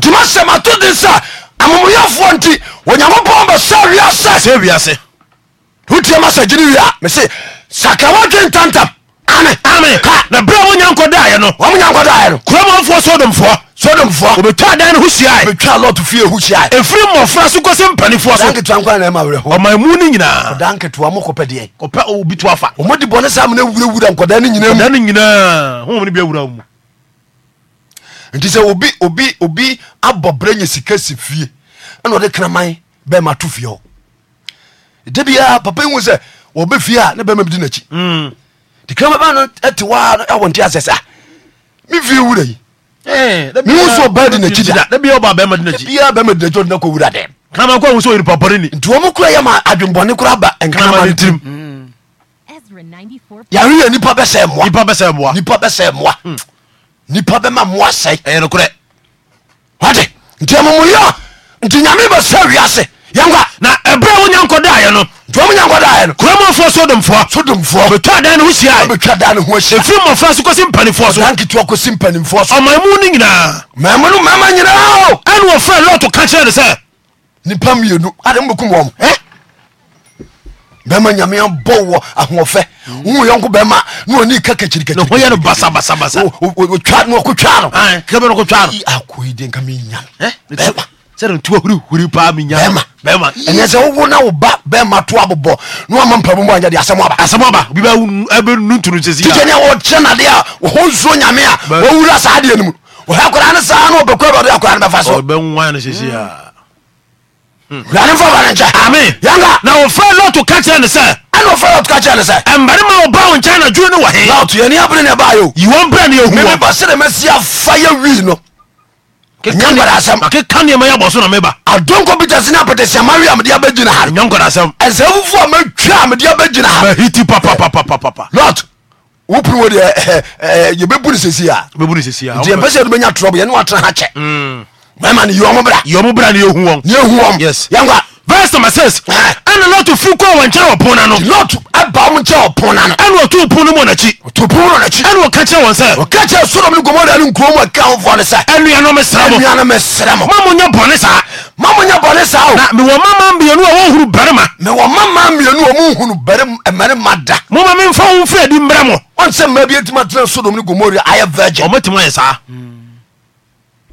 tima se ma to de se amamu yie fuo nti oyanmo po be se wia sesewise tiemase jine wiamese sakawate ntantam na berɛ mo nyanko daɛ no wɔmo nyanko daɛ no kuromanfoɔ sodomfoɔ sodomfoɔ obɛtwa dan no ho hyiae obɛtwa lot fie ho hyiae ɛfiri mmɔfra so kɔsɛ mpanifoɔ so danketewa nkwa na ɛma werɛ ho ɔma mu no nyinaa danketewa mo kɔpɛ deɛ kɔpɛ obi to afa ɔmɔde bɔne saa mena wurawura nkɔda no nyinaa mu no nyinaa homne bi awura mu nti sɛ obi obi obi abɔ berɛ nya sika si fie ɛna ɔde kraman bɛma to fie hɔ da biaa wɔbɛ fie a ne bɛma bidi n'akyi mm. nti kama bá no ɛte wá ɛwɔ nti asɛ sá mi fi wura yi mi wusu ɔbaa di n'akyi da ne bi ɔbaa bɛma di n'akyi biya bɛma di n'akyi ɔdi n'akɔ wura dɛ kama kɔ wusu onipa bɔre ni nti wɔn kura yɛ ma adunbɔni kura ba nkanama ne tirim mm. yàrá yɛ nipa bɛ sɛ mua nipa bɛ sɛ mua nipa bɛ sɛ mua mm. nipa bɛ ma mua sɛ ɛyɛ no korɛ wadi nti ɛmu mu nti nyame bɛ sɛ wiase yɛn kwa na ɛbrɛ wo nyankɔ da yɛ no. tuwamu nyanko da yɛ no. kurama fɔ sodomfoɔ. sodomfoɔ. bɛ tɔ dan ni o si a ye. bɛ tɔ dan ni o si a ye. efiri mɔfra so kosi mpanimfoɔ so. dan kituwa kosi mpanimfoɔ so. ɔmɔ emu ni nyinaa. mɛmunu mɛma nyinaa o. ɛni wɔ fɛn lɔɔtu kankyɛn de sɛ. nipa mienu adi n bɛ kun wɔn. bɛma nyamea bɔ wɔ ahoɔfɛ wo yɔnko bɛma ne ɔne ka kakyirikakyiriyɛ no basabasabasa twa ne ɔkotwa no kɛbɛ no kotwa no akɔi de nka menyam bɛma sɛde nti wahurihuri paa menyama bɛma ɛnyɛ sɛ wowo na wo ba bɛma to abobɔ na wama mpabobɔ anyɛ de asɛm aba asɛm aba obi bɛbɛnu ntu no sɛsitigya ne a wɔkyerɛ nade a wɔhɔ nsuo nyame a wɔwura saa deɛ no mu ɔhɛ koraa ne saa na ɔbɛkura bɛde akora no bɛfa so ɔbɛwa no sɛsia wurade hmm. mfa bane nkyɛ ame yanka na wɔfrɛ lɔto ka kyerɛ ne sɛ ɛna ɔfrɛ lɔto ka kyerɛ ne sɛ ɛmbarima wɔba wo nkyɛn na dwuro ne wɔ he lɔto yɛni abene ne ɛbaayɛ o yiwɔ mprɛ ne yɛhu mebɛsɛ de mɛsi afa yɛ wii no nyambarasɛmkeka nneɛma yɛ abɔso na meba adonko peter sene apetesiama wi amede abɛgyina ha nyankarasɛm ɛsɛ fufuo a matwa amede abɛgyina ha mahiti papapapapapa lot wopiri wo deɛ eh, eh, eh, yɛbɛbu ne sesi a bɛbu ne sesi a nti yɛmpɛ sɛ yɛde bɛnya trɔbɔ yɛne watena ha kyɛ bɛma ne yɔmo bra yɔmo bra ne yɛhu wɔm ne yɛhu wɔm yes yɛnkwa verse number six ah. ɛna lɔto firi kɔ wɔn nkyɛn wɔ pon na no. lɔto ɛba wɔn nkyɛn wɔ pon na no. ɛna ɔtu pon no mu n'akyi. ɔtu pon no n'akyi. ɛna ɔka kyerɛ wɔn sɛ. ɔka kyerɛ sodom ni gomora ni nkurom a kan fɔ ne sɛ. ɛnuanom sira mo. ɛnuanom sira mo. mamu nye bɔnne saa. mamu nye bɔnne saa o. na mewɔ mama mmienu a wɔn huru barima. mewɔ mama mmienu a wɔn huru barima da. mo ma mi nfa wɔn fira di mbrɛ mo. wɔn sɛ mmaa bi etuma tena sodom ni gomora ayɛ virgin. ɔmo tuma yɛ saa.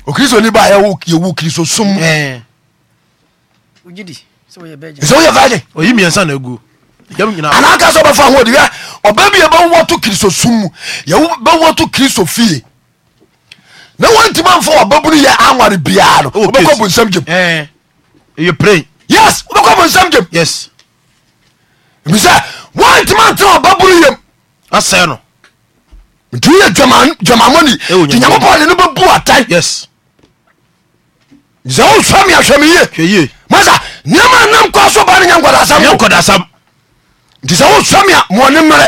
okiriso ni ba ayɛ wo yewu kiriso sum sɛ woyɛ virgin oyi mmiɛnsa na aguo anaa ka sɛ ɔbɛfa ho ɔdeɛ ɔba bi yɛbɛwɔ to kristo sum mu yɛbɛwɔ to kristo fie na wantimi amfa wɔbabunu yɛ aware biaa no wobɛkɔ oh, bonsam gyem yɛ pray yes wobɛkɔ bonsam gyem yes ebisɛ wantimi antena ɔbabunu yam asɛe no nti woyɛ dwamamɔni nti nyankopɔn de no bɛbu atae yes sɛ wosua me ahwɛ me yie masa nneɛma nam kɔ so ba no nya nkɔdasam nti sɛ wosua me a mɔne mmerɛ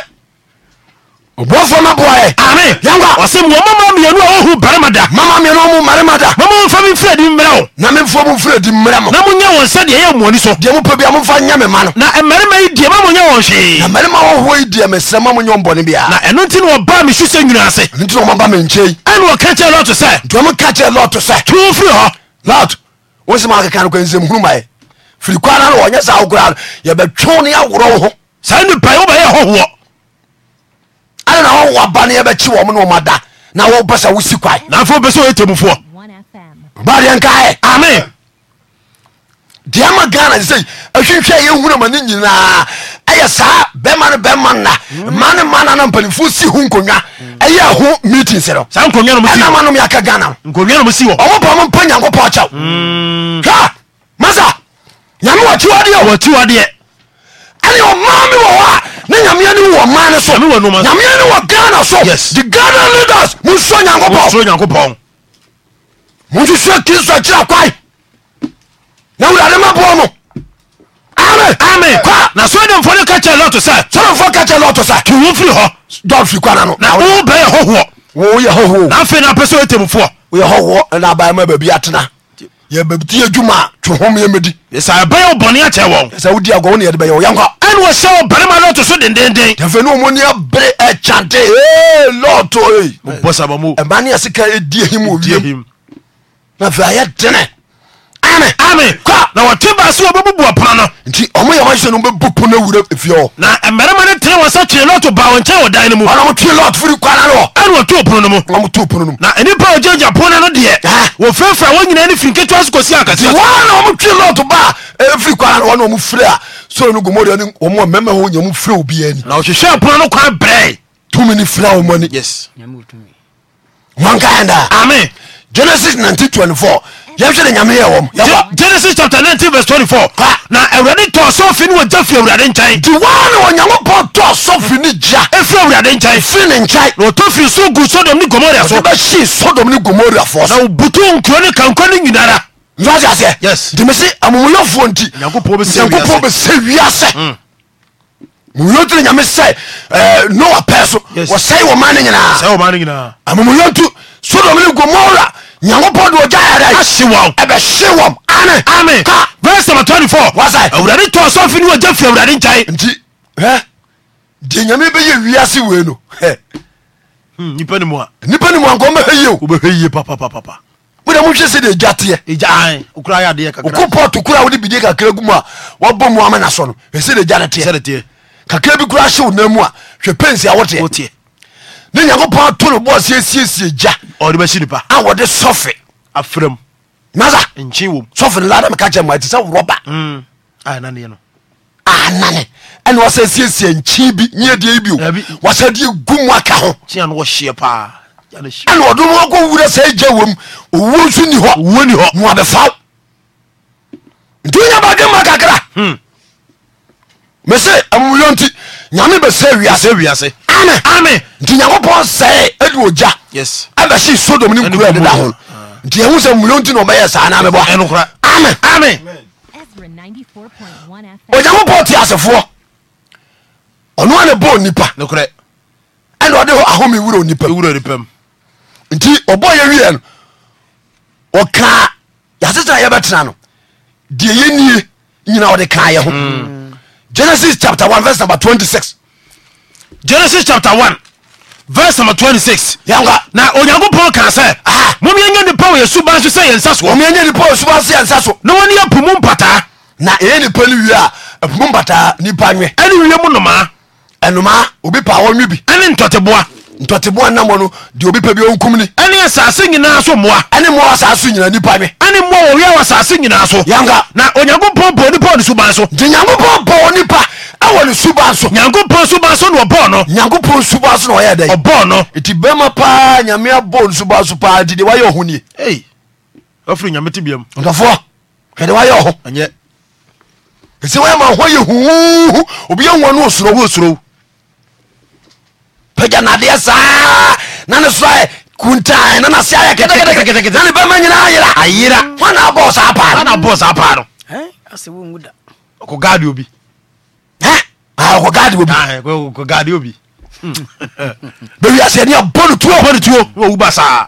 ɔbɔfoɔ ma boaɛ ame yanka ɔsɛ mɔmama mmienu a ɔhu barima da mama mmienu mu marima da mama mfa me mfiri adi mmerɛ o na memfoɔ mo mfiri adi mmerɛ mo na monyɛ wɔn sɛdeɛ ɛyɛ mmɔni so deɛ mopɛ bia momfa nyɛ me ma no na mmarima yi deɛ ma monyɛ wɔn hwee na mmarima wɔhoɔ yi deɛ mesrɛ ma monyɛ ɔmbɔne bia na ɛno nti na mi mesu sɛ nwunu ase ɛno nti na ɔmaba menkyɛi ɛne wɔka kyerɛ lɔto sɛ nti ɔmo ka kyerɛ lɔto sɛ too firi hɔ lɔto wosɛm akeka no kwansɛm hunu maɛ firi kwa na na wɔnyɛ saa wo koraa no yɛbɛtwe ne aworɔ wo ho saa nipa yi wobɛyɛ hɔhoɔ ana na wɔwo aba ne yɛbɛkye wɔ m ne ɔma da na wɔwopɛ sɛ wosi kwae nafo wopɛ sɛ wɔyɛ tamufoɔ badeɛ nkaɛ ame deɛ ma ghana sɛ ahwehwɛ yɛhunu ma ne nyinaa ɛyɛ saa bɛma no bɛma nna mhm. ma ne ma na na mpanimfoɔ si ho nkonnwa ɛyɛ ho meetings no saa nkonnwa nom si ɛnama nom yɛka ghana nkonnwa nom si wɔ ɔmo pa ɔmo mpa nyankopɔn kyɛw mm. hwɛ masa nyame wɔkyiwadeɛ wɔkyiwadeɛ ɛne ɔmaa me wɔ hɔ a ne nyamea ne wɔ ɔmaa ne so nyamea ne wɔ ghana so the ghana leaders monsuo nyankopɔn nyankopɔn monsusuo kristo akyira kwae na wurade maboɔ mo amen amen kwa na sodemfo ne ka kyɛ lɔto sɛ sodemfo ka kyɛ lɔto sɛ tuwo firi hɔ dɔn fi kwana no. na wo bɛɛ yɛ hɔhoɔ. wo yɛ hɔhoɔ. n'afɛ na pɛ sɛ o tɛmu fɔ. o yɛ hɔhoɔ ɛna abayɛ ma baabi atena yɛ baabi ti yɛ juma tuhom yɛ mɛdi. ɛsɛ ɛbɛyɛ bɔnni akyɛ wɔn. ɛsɛ o di agɔwɔ ni yɛ de bɛ yɛ o yan kɔ. ɛni o sɛ o bɛrɛma n'o to so dendenden. tɛfɛ n'o mo ni a bere ɛ cante ee lɔɔtɔ ee. o bɔ sabamu. ɛmaa a se ka e di ehim o ye. n'afɛ a yɛ ame ame kɔ na wɔte baa sɛ wɔbɛbubu ɔpono no nti ɔmo yɛ wɔhyɛ no bɛbu po no awura fie hɔ na mmarima no tene wɔ sɛ twee lɔto baa wɔ nkyɛn wɔ dan no mu ɔna mo twee lɔt firi kwana no hɔ ɛne wɔto pono no mu ɔmo to pono no mu na nnipa a ɔgyagya po no no deɛ wɔfrafra wɔn nyinaa ne firi nketewa so kɔsi akasɛ wɔn na ɔmo twee lɔt baa ɛfiri eh, kwana no hɔ na ɔmo firi a soro no gomoria ne ɔmo a mɛma hɔ nya mo firi obiaa ni na ɔhwehwɛ pono no kwan brɛe tumi ne fira wɔmɔ ni yes wankaɛndaa ah. ame genesis 1924 yemsede ame y wo2fn nyankup to sf n se sodom ne gomorayyp ws ymse noa peso se womane yna sodora nyankopɔn de ɔgya yɛdɛ ahye wɔn ɛbɛhye wɔm ane ame ka verse number 24 wasɛ awurade tɔ sɔfe ne wɔgya fi awurade nkyɛe nti hɛ deɛ nyame bɛyɛ wiase wei no hmm, nipa ne mu a nipa ne mu a nkɔm bɛhɛ yie o wobɛhɛ yie papapapa wode mohwɛ sɛ deɛ ɛgya teɛ ɛgya wokora yɛadeɛ kakra wokopɔ to kora wode bidie kakra gu mu a wɔbɔ mu amana sɔ no ɛsɛ deɛ gya ne teɛ kakra bi kora hye wo na mu a hwɛ pensi a ne nyankopɔn ato no bɔɔ siesiesie gya ɔde bɛsi nipa a wɔde sɔfe afram masa nkyen wom sɔfe no lada meka kyɛ ma ɛte sɛ worɔba mm. ananeɛ no anane ɛne wɔsɛ siesie nkyen bi nyedeɛ yi bio wɔsɛ deɛ gu mu aka ho kyea no wɔhyeɛ paa ɛne ɔdom akɔ wura sɛ gya wom owuo nso ni hɔ owuo ni hɔ moabɛfaw nti wonya baage ma kakra hmm. mese amuyɔ nti nyame bɛsɛ wiase ame nti nyankopɔn sɛe ɛde ogya ɛbɛhye sodom ne nkura mu da ho nti ɛhu sɛ mmulonti na ɔbɛyɛ saa na mebɔ ame onyankopɔn te asefoɔ ɔno ane bɔɔ nipa ɛna ɔde hɔ ahome wura onipa nti ɔbɔ yɛ wie no ɔkaa yɛasetena yɛbɛtena no deɛ yɛnie nyina ɔde kaa yɛ ho mm. genesis 26 genis hap 1 n 26 na onyankopɔn ka sɛ momeɛnya nipa wyɛ subanso sɛ yɛnsa so npɛ ynsa so nowane yɛapo mu mpataa na ɛyɛ nipa no wie a apu mu pataa nipa nwe ane wie mo nomaa ɛnoma obi pa wo we bi ntɔteboa namɔ no deɛ obi pɛ bi ɔnkum ni. ɛne asase nyinaa so mmoa. ɛne mmoa asase nyinaa nipa mi. ɛne mmoa wɔ wia wɔ asase nyinaa so. yanka. na onyankopɔn bɔ nipa wɔ ne suban so. nti nyankopɔn bɔ nipa ɛwɔ ne suban so. nyankopɔn suban so na ɔbɔɔ no. nyankopɔn suban so na ɔyɛ dɛ. ɔbɔɔ no. eti bɛrima paa nyame abɔ ne suban so paa nti de wayɛ ɔho nie. ee ɔfiri nyame ti biam. ntɔfoɔ kɛde wayɛ ɔho. ɛnyɛ. esi wɔyɛ ma ɔho agya nadeɛ saa na ne soa kunta e, na nase ayɛ ketekete na ne bɛma nyinaa yera ayera hɔna abɔɔ saa paa no abɔɔ saa paa no ɔkɔ gade obi ɔkɔ ah, gade obi ɔkɔ ah, gade obi bɛwiase abɔ no tuo bɔ no tuo wɔwu ba saa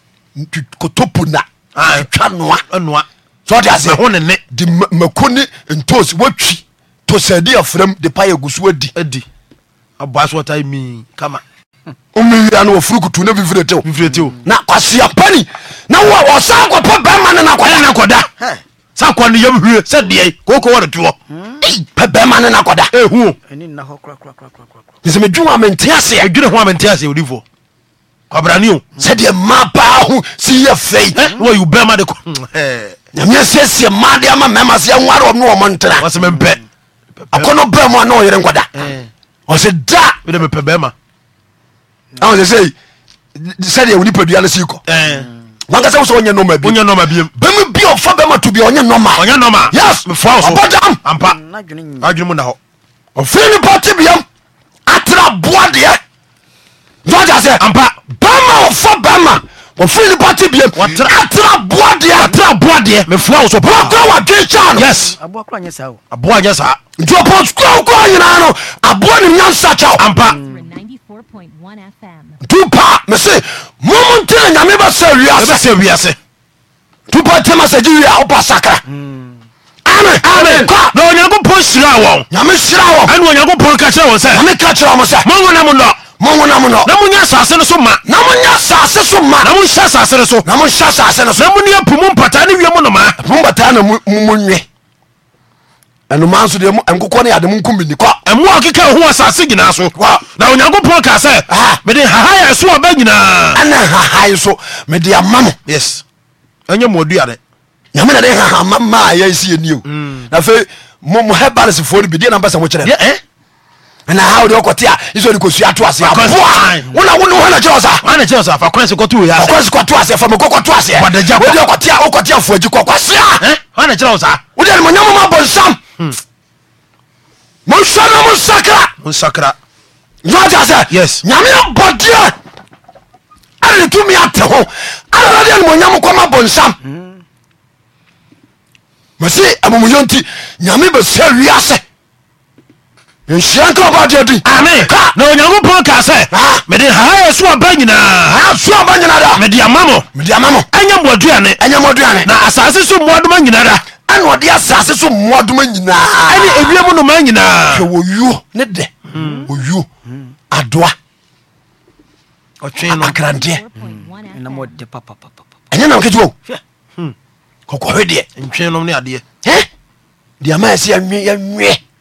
kotopo na ah. twa noa sdesnene de mako ne ntos watwi tosadi afram de payɛ gu so adi omewira no wɔforo kutu ne fifiri tew na kwasea pani na wo wɔsan kɔpɛ bɛma ne na kɔda ne kɔda sa kɔ ne yam hwie sɛ deɛ koko wɔre toɔ hmm. pɛ bɛma ne na kɔda ɛhu sɛ medwuma mente aseɛ adwene ho a mente aseɛ odifoɔ kwabrane o sɛdeɛ ma paa ho a yɛ fɛi wɔyɛ bɛma de kɔ mm, nyame siesie ma de ama mɛma sɛ yɛware ɔm ne ɔmɔ ntena wɔsɛ mempɛ akɔno bɛ mu a na ɔyere nkɔda ɔsɛ da mede mepɛ bɛma awo sɛ sei sɛdeɛ wo nipadua no sii kɔ wankasa wo sɛ wonyɛ nɔma biwonyɛ nɔma biam bɛmu bi ɔfa bɛma to bia ɔnyɛ nɔma ɔnyɛ nɔma yes mefoa wo ɔbɔdam ampa mm, adwene mu na hɔ ɔfiri nipa te biam atra boa deɛ ampa bama ɔfa bama ɔfiri nipa te biem atra boa deɛ atra boa deɛ mefua wo so pa kora wadwe kyɛ no yes aboa kora nyɛ saa aboa nyɛ saa nti ɔpɔ sukuu kora nyinaa no aboa ne nyansa kyɛw ampa nti pa mese momo ntina nyame bɛsɛ wiasebɛsɛ wiase nti pa tiama sɛ gye wia wopa sakra amen na onyankopɔn hyira wɔn nyame hyira wɔn ɛne onyankopɔn ka kyerɛ wɔn sɛ nyame ka wɔn sɛ mɔwɔ na mo nɔ monwonam no na monyɛ asase no so ma na monyɛ asase so ma na monhyɛ asase no so na monhyɛ asase no so na mone apo mu mpataa ne wiamu na apo mu mpataa na monwe ɛnoma nso deɛ nkokɔ ne ademo nkum bi nikɔ ɛmoa keka ho asase nyinaa so na onyankopɔn ka sɛ mede hahae ɛso aba nyinaa ɛne hahae so mede ama mo yes ɛnyɛ mmoaduade nyame na de hahama maa yɛsi yɛnio mm. na afei mo hebalisfoɔ no bi deɛ na mpɛ sɛ mokyerɛ na ha wòde ọkọ tí a iṣẹ́ òdìkò sí ato ase aboa wọn na wọn ni wọn na kyerɛ ọsa. wọn na kyerɛ ọsa fakwan si kɔtu oya ase. fakwan si kɔtu ase famu kɔ kɔtu ase. bɔdɛja kɔ wòde ọkọ tí a ọkọ tí a kɔ kɔ ase wọn na kyerɛ ọsa. wòde ẹni mo nyɛ hmm. mo ma bɔ nsam. mo nsọ na mo nsakira. mo nsakira. nyɔnja sɛ. yes. nyame abɔdeɛ ɛna ne tumi ate ho ala de ɛni mo nyɛ mo kɔ ma bɔ nsam. mɛ si amumuyɔ nyame bɛ sɛ wiase nhyia nka ɔbade adi ame na onyankopɔn ka sɛ mede haayɛ so aba nyinaa so aba nyina da mede ama mo mede ama mo ɛnyɛ mmoaduane ɛnyɛ mmoaduane na asase so mmoadoma nyina da ɛna ɔde asase so mmoadoma nyinaa ɛne ewia mu noma nyinaa hwɛ wɔyuo ne dɛ hmm. wɔyuo hmm. adoa akranteɛ hmm. ɛnyɛ nam ketewa o kɔkɔhwe deɛ deɛ ama ɛsɛ yɛnwɛ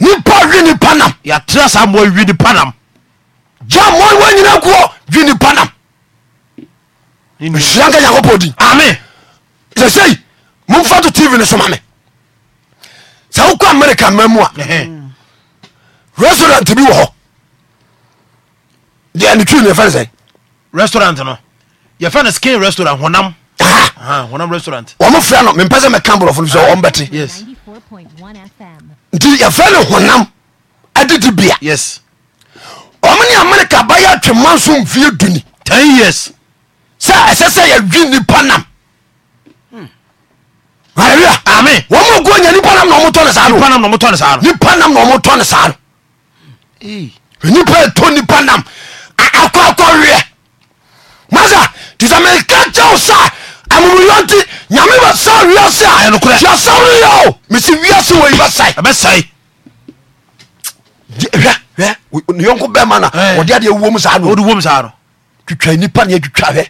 nipa wi nipa nam yàtúrà sá mọ wi nipa nam jẹ mọ ìwé nyina kúọ wi nipa nam nsia nka yankun pọ di amen sẹsẹyi mo n fa to tv ni sọma mi sẹ o kọ america mẹmu a restaurant bi wọ hɔ deɛ ne twi ne fɛn sɛ restaurant no yɛfɛ no skin restaurant honam honam restaurant wɔmo frɛ no mempɛ sɛ mɛka borɔfo no sɛ ɔmbɛte nti yɛfɛ ne honam adedi bia yes ɔmene amerika bɛyɛ atwema so mfie duni ten sɛ ɛsɛ sɛ yɛdwe nipa nam hallelujah amen wɔn mu nya nipa nam na ɔmo tɔ nam na ɔmo saa no nipa nam nipa nam akɔ akɔ masa tisɛ mɛ kankyɛw saa amumuyɔnti nyame bɛ sa wiase a ɛnukurɛ fiasa wuli yɛ o misi wiase wo yi bɛ sa yi. a bɛ sa yi. hwɛ hwɛ yɔnko bɛɛ ma na ɔdi adi ewu omu saa do. o de womu saa do. twitwa nipa ni etwitwa hwɛ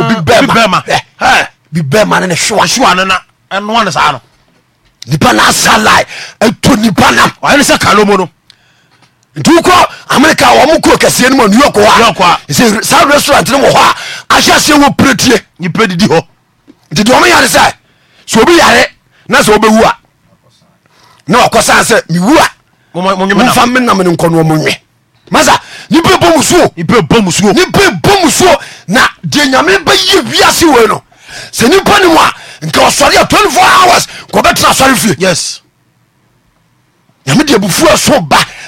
obi bɛɛ ma hɛ bi bɛɛ ma ne ne suwa. suwa ne na ɛnua ne saa no. nipa na asa lai eto nipa nam. ɔyɛ ne sɛ kalomo no nti Amerika, amerika wɔmo kuro kɛseɛ no ma new york wa. a saa restaurant no wɔ hɔ a ahyɛ aseɛ wɔ pretie nyipɛ didi hɔ nti deɛ ɔmo yare sɛ sɛ obi yare na sɛ wobɛwu a na wakɔ san sɛ mewu a momfa me nam no nkɔ ni ɔmo nwe masa nipa bɔ musuo nipa bɔ musuo na deɛ nyame bɛyɛ wiase wei no sɛ nipa ne mu a nka ɔsɔre a 24 hours nkɔbɛtena asɔre fie yes nyame deɛ bufuo so ba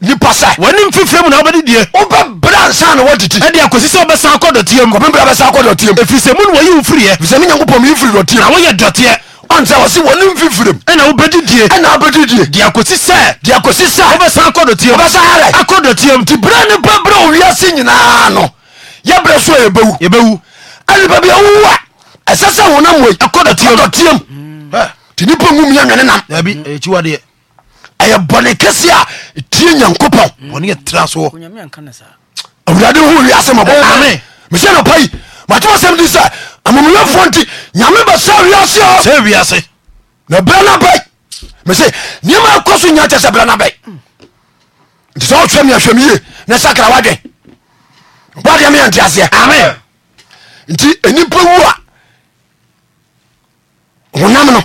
nipa sɛ Wani mfifiri mu na wobɛde deɛ wobɛ bra nsa na wɔtete ɛde akɔsi sɛ wobɛsan kɔ dɔteɛ mu kɔpempra bɛsan kɔ dɔteɛ mu ɛfiri sɛ mu ne wɔyi wo firiɛ ɛfiri sɛ me nyankopɔn meyi firi dɔteɛ na woyɛ dɔteɛ ɔnsɛ wɔse wɔne mfifiri m ɛna wobɛdi die ɛna wobɛdi die de akɔsi sɛ de akɔsi sɛ wobɛsan kɔ dɔteɛ mu wobɛsan arɛ akɔ dɔteɛ mu nti berɛ ne ba berɛ owiase nyinaa no yɛbrɛ so a yɛbɛwu yɛbɛwu ɛnipa bi awowu a ɛsɛ sɛ honam wei ɛkɔ dɔteɛ dɔteɛ mu nti nipa wu mia nwene nam ɛyɛ bɔne kɛse a tie yanko porade wase mesene pa matime semedese amamelefo nti yame bese wiaseoewse ne bra na bei mese niema ko so yatese bra mm. na be itste mifemye ne sakra wade bode mantiasie inti enimpa woa onamno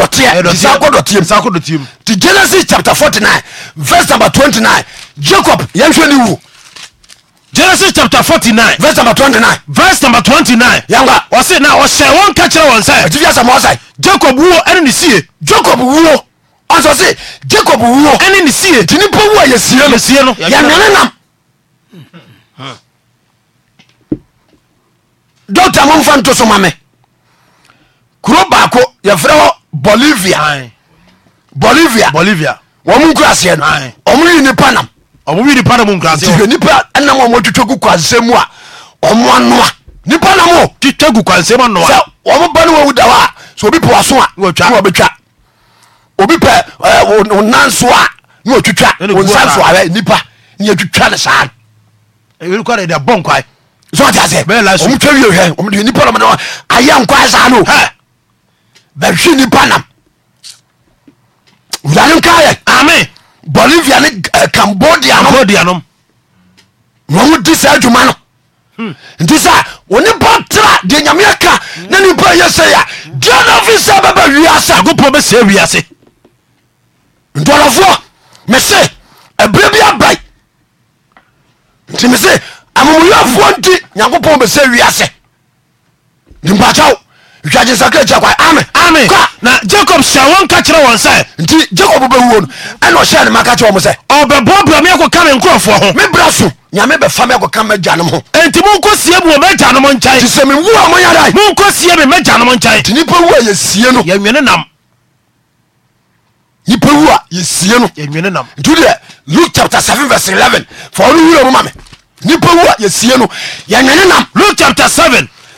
dɔteɛ genesis chapter 49 verse number 29 jacob yɛnhwɛ ne wu genesis chapter 49 verse number 29 verse number 29 yanga ɔse na ɔhyɛ wɔn ka kyerɛ wɔn sɛ atifi asɛm ɔsɛ jacob wuo ɛne ni sie jacob wuo ɔsɛ se jacob wuo ɛne ni sie nti nipa wu a yɛsie no sie no yɛnene nam dɔkta momfa nto so ma me kuro baako yɛfrɛ hɔ bolivia bolivia bolivia wɔn nkura seɛ no wɔn yi nipa nam wɔn yi nipa nam nkura seɛ wɔn nipa nam wɔn twitwa gu kwansɛn mu a wɔn anoa nipa nam o twitwa gu kwansɛn mu anoa sɛ wɔn ba no wɔwu da hɔ a sɛ obi pɛ waso a wɔtwa ne wɔbɛtwa obi pɛ ɛɛ ɔnanso a ne wɔtwitwa ɔnsanso awɛ nipa ne yɛtwitwa ne saa ɛyɛ kɔ de de bɔ nkwae sɔɔ ti ase bɛɛ la so wɔn twɛ wie hɛ wɔn de nipa nam ayɛ nkwae saa no bɛhwe nipa nam wurade nkayɛ ame bolivia ne eh, cambodia nom wɔmo di saa adwuma no nti sɛ onipa tra deɛ nyameɛ ka na nipa yɛ sɛ a dianofi sɛ bɛba wiase agopɔ bɛsɛ wiase ntɔdɔfoɔ mese ɛberɛ bi abai nti mese amamuyɛfoɔ nti nyankopɔn bɛsɛ wiase nimpakyɛw hwɛgye sakra gya kwa ame ame kwa na jacob hyɛ wɔn ka kyerɛ wɔn sɛ nti jacob bɛwuo no ɛna ɔhyɛ ne ma ka kyerɛ wɔn sɛ ɔbɛboaboa me akɔka me nkurɔfoɔ ho me bra so nyame bɛfa me akɔka m'agya nom ho enti monkɔ sie mu wɔ m'agya nom nkyɛn nti sɛ mewu a monyɛ dae monkɔ sie me m'agya nom nkyɛn nti nipa wu a yɛsie no yɛnwene nam nipa wu a yɛsie no yɛnwene nam nti deɛ luke chapter 7 verse 11 fa ɔno wura mu ma me nipa wu a yɛsie no yɛnwene nam luke chapter 7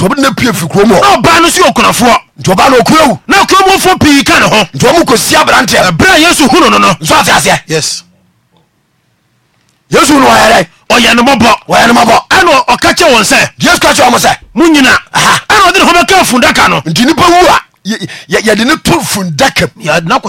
ntɔmne pie fi kurom hɔ na ɔbaa no so yɛ ɔkonafoɔ nti ɔbaa no ɔkurawu na kuromɔfoɔ pii ka ne ho nti ɔmo kɔsi aberanteɛ ɛberɛ a yesu hu no no no nso ate aseɛ yes yesu no ɔyɛ dɛ ɔyɛ no mɔbɔ ɔyɛ no mɔbɔ ɛna ɔka kyɛ wɔn sɛ yesu ka kyɛ wɔn sɛ mo nyina ɛna ɔde ne ho bɛka fundaka no nti nipa wu a yɛde ne to fundaka mu yɛde nakɔ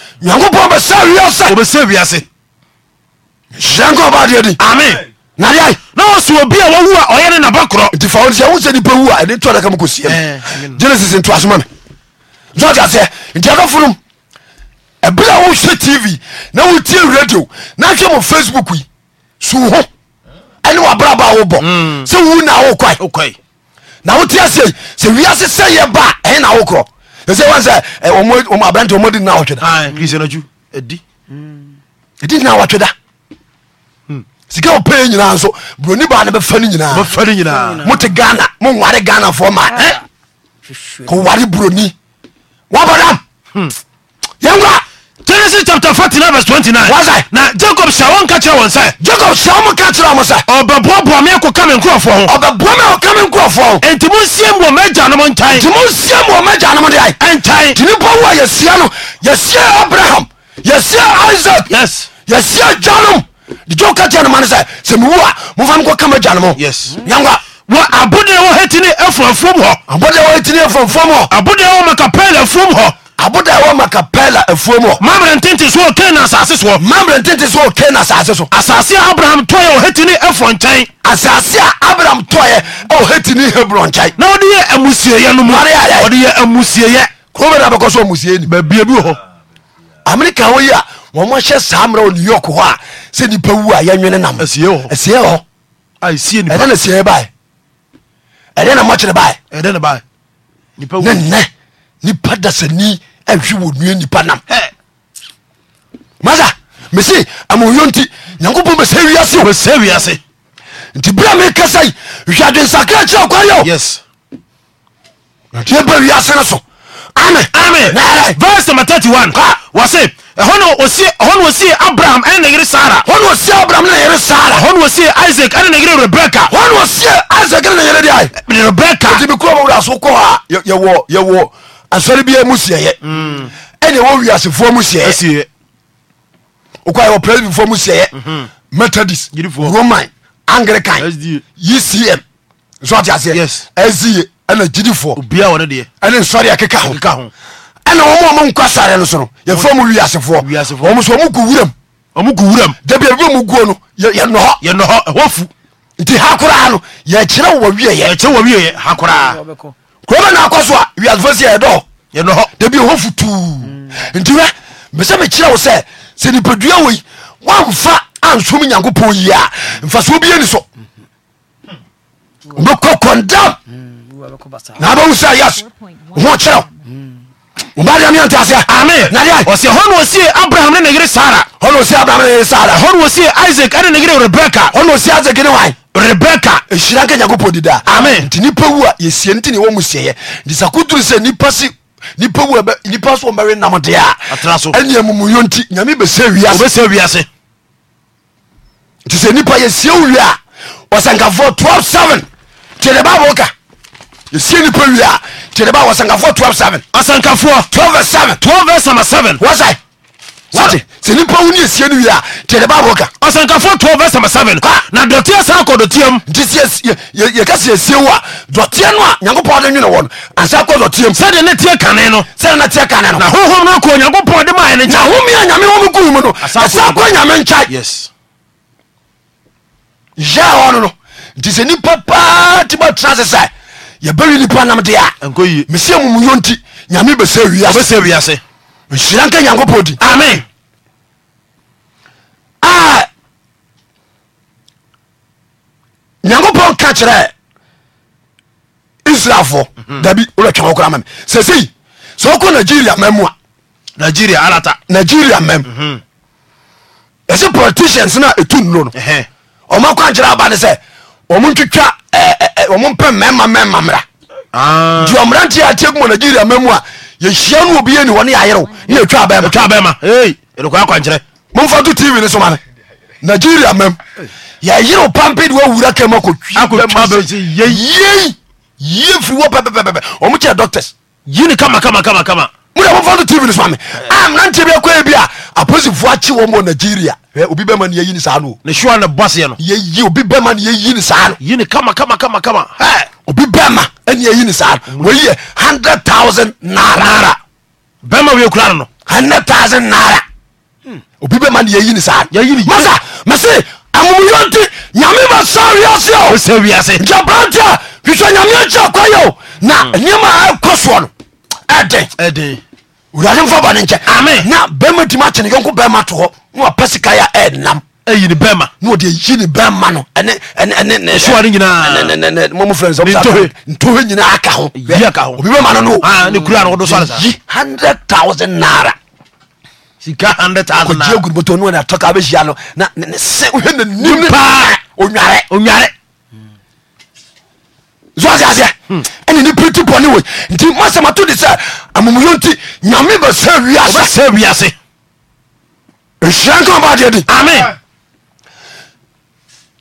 nyankopɔn bɛsɛ wiase obɛsɛ wiase hyɛnka ba di amen nayai na wɔso obi a wɔwu a ɔyɛ ne naba korɔ nti fa wɔn sɛ wɔn sɛ nipa wu a ɛde tɔ daka mu kɔ sie mu genesis nto asoma mi zɔn ta sɛ nti akɔfo no ɛbi a wɔhwɛ tv na wɔtie radio na ahwɛ mo facebook yi Suho. ho ɛne wɔabraba a wɔbɔ mm. Se wu na awokɔe na wote aseɛ Se wiase sɛ yɛ ba ɛyɛ na awokorɔ ɛsɛ wa sɛ ɔmo abirante ɔmo di na ɔtwe da. nkirisi n'aju edi. edi na ɔtwe da sika ɔpɛ yi nyinaa nso buroni baa ne bɛ fɛ ne nyinaa. bɛ fɛ ne nyinaa. mo te ghana mo nware ghana fɔ ma ɛ eh? ah. kò wari buroni wabadam hmm. yɛn wura. genesis a na jacob sao ka ra sma n apaaf aboda oma capela fum i ka se sa aneo se nipa wo yeen nasr pa dasn ɛhwe wɔ nua nipa nam masa mese amoyo nti nyankopɔn bɛsɛ wiase bɛsɛ wiase nti bia mekasa yi hwɛde nsakra kyerɛ kwa yɛ yes nti ɛba wiase no so amen amen verse number 31 wɔse ɛhɔn wɔsie ɛhɔn wɔsie abraham ɛne ne yere sara hɔn wɔsie abraham ne ne yere sara hɔn wɔsie isaac ɛne ne yere rebeka hɔn wɔsie isaac ɛne ne yere deɛ rebeka nti bi kura bɛ wura so kɔ ha yɛwɔ yɛwɔ asɔre bia mu siɛyɛ mm. ɛne wɔ wiasefoɔ mu siɛyɛ wokɔ yɛwɔ presbyfoɔ mu siɛyɛ mm-hmm. methodist roman anglican ucm e nso ate aseɛ azie ɛna gyidifoɔ ɛne nsɔre ɛkeka ho ɛna wɔn a wɔn nkɔ asare no so no yɛfɔ mu wiasefoɔ wɔn so wɔn gu wuram wɔn gu wuram dabi ebi wɔn guo no yɛnɔ hɔ yɛnɔ hɔ ɛhɔ fu nti ha koraa no yɛkyerɛ wɔ wieɛ yɛkyerɛ wɔ wieɛ ha koraa kuroma na akɔ so a wiasefo sɛ yɛdɔ yɛnɔ hɔ dabi ɛhɔ futuu nti wɛ mesɛ mekyerɛ wo sɛ sɛ nipadua wei wamfa ansom nyankopɔn yi a mfasoɔ biani so wobɛkɔ kɔndam na bɛwu sɛ yes ho kyerɛw wobade meante aseɛ ame nadeɛ ɔsɛ hɔ na ɔsie abraham ne ne yere sara hɔ na ɔsie abraham ne ne yere sara hɔ na ɔsie isak ɛne ne yere rebeka hɔ na ɔsie isak ne wae easiae yakupodidtnpw yesietiwomusieestrsnpa soenamdeanmumuyont yabeseseysieo safu 127 teaoknpa27 sati sɛ nipa wo ne asie no wie a tiɛde bible ka ɔsankafo 12:7 na dɔteɛ san kɔ dɔteɛm nti yɛka sɛ asie wo a dɔteɛ no a nyankopɔn de nwene wɔ no ansa kɔ dɔteɛm sɛdeɛ ne teɛ kane no sɛdeɛ ne teɛ kane no na honhom no akɔ onyankopɔn de maɛ no nkyɛ home a nyame home gu mu no ɛsa kɔ nyame nkyae yɛ hɔ no no nti sɛ nipa paa ti bɛtena se sɛ yɛbɛwi nipa nam de a mesie mumuyɔ nti nyame bɛsɛ wiase insira ke yankupu din am a yankupu kan kere isla fo hbi a krma sesei so okuro nigeria memua ngerialt nigeria me ese mhm. poritician sono etu nlon omakan jera abane se omu uampe mema mra diobra ntiatiekumo nigeria memua yɛhyia no obie ni wɔne ne wo ne yɛtwa abɛma kwankyerɛ momfa to tv ne so mane nigeria mam yɛyerew pampe de wawura kama kɔtwi yei yie firi wɔ pɛpɛpɛpɛ ɔmo kyɛ doctors yini kama kama kama kama mo na momfa to tv ne so mane amnantiɛ ah, bi akɔɛ bi a aposifoɔ akye wɔ mɔ nigeria obi bɛma ne yɛyi ne saa no ne hwa ne bɔseɛ no yɛyi obi bɛma ne yɛyi ne saa no yini kama kama kama kama hey neyini saa weye hundred thousand naira bẹẹma wiye kura nono hundred thousand naira hmm. obi bẹẹ ma ni yeyini saa masa mẹsi amumuyonti nyame ma sa wiase o sa wiase jabrante a hwehwɛ nyame akyi akwaye o na hmm. nneɛma ɛkɔ soɔ no ɛden ɛden wurade mfa bɔne nkyɛ amen na bɛma timi akyene yɔnko bɛma to hɔ na wapɛ sika yɛ ɛnam ɛyini bɛɛ ma. n'o de yi ni bɛɛ ma no. ɛni ɛni ɛni ɛni suwa ni nyinaa. ɛni mɔmu filɛ nsɛm. ntohe ntohe nyinaa ka ho. yi ka o bi bɛ ma no no. aa ah, ni kura anɔgɔ dɔsɔ alisa. yi hundred thousand naira. sika hundred thousand naira. ko diɛ gudumoto n'o yɛrɛ tɔ k'a bɛ zi a na ne se o ye ne ni paa o ɲare. o ɲare. zɔnzi aseɛ. ɛni ni piriti bɔ ni wo nti masamatu de sɛ amumuyo nti nyami bɛ se wiase. o bɛ se wiase. ehyɛn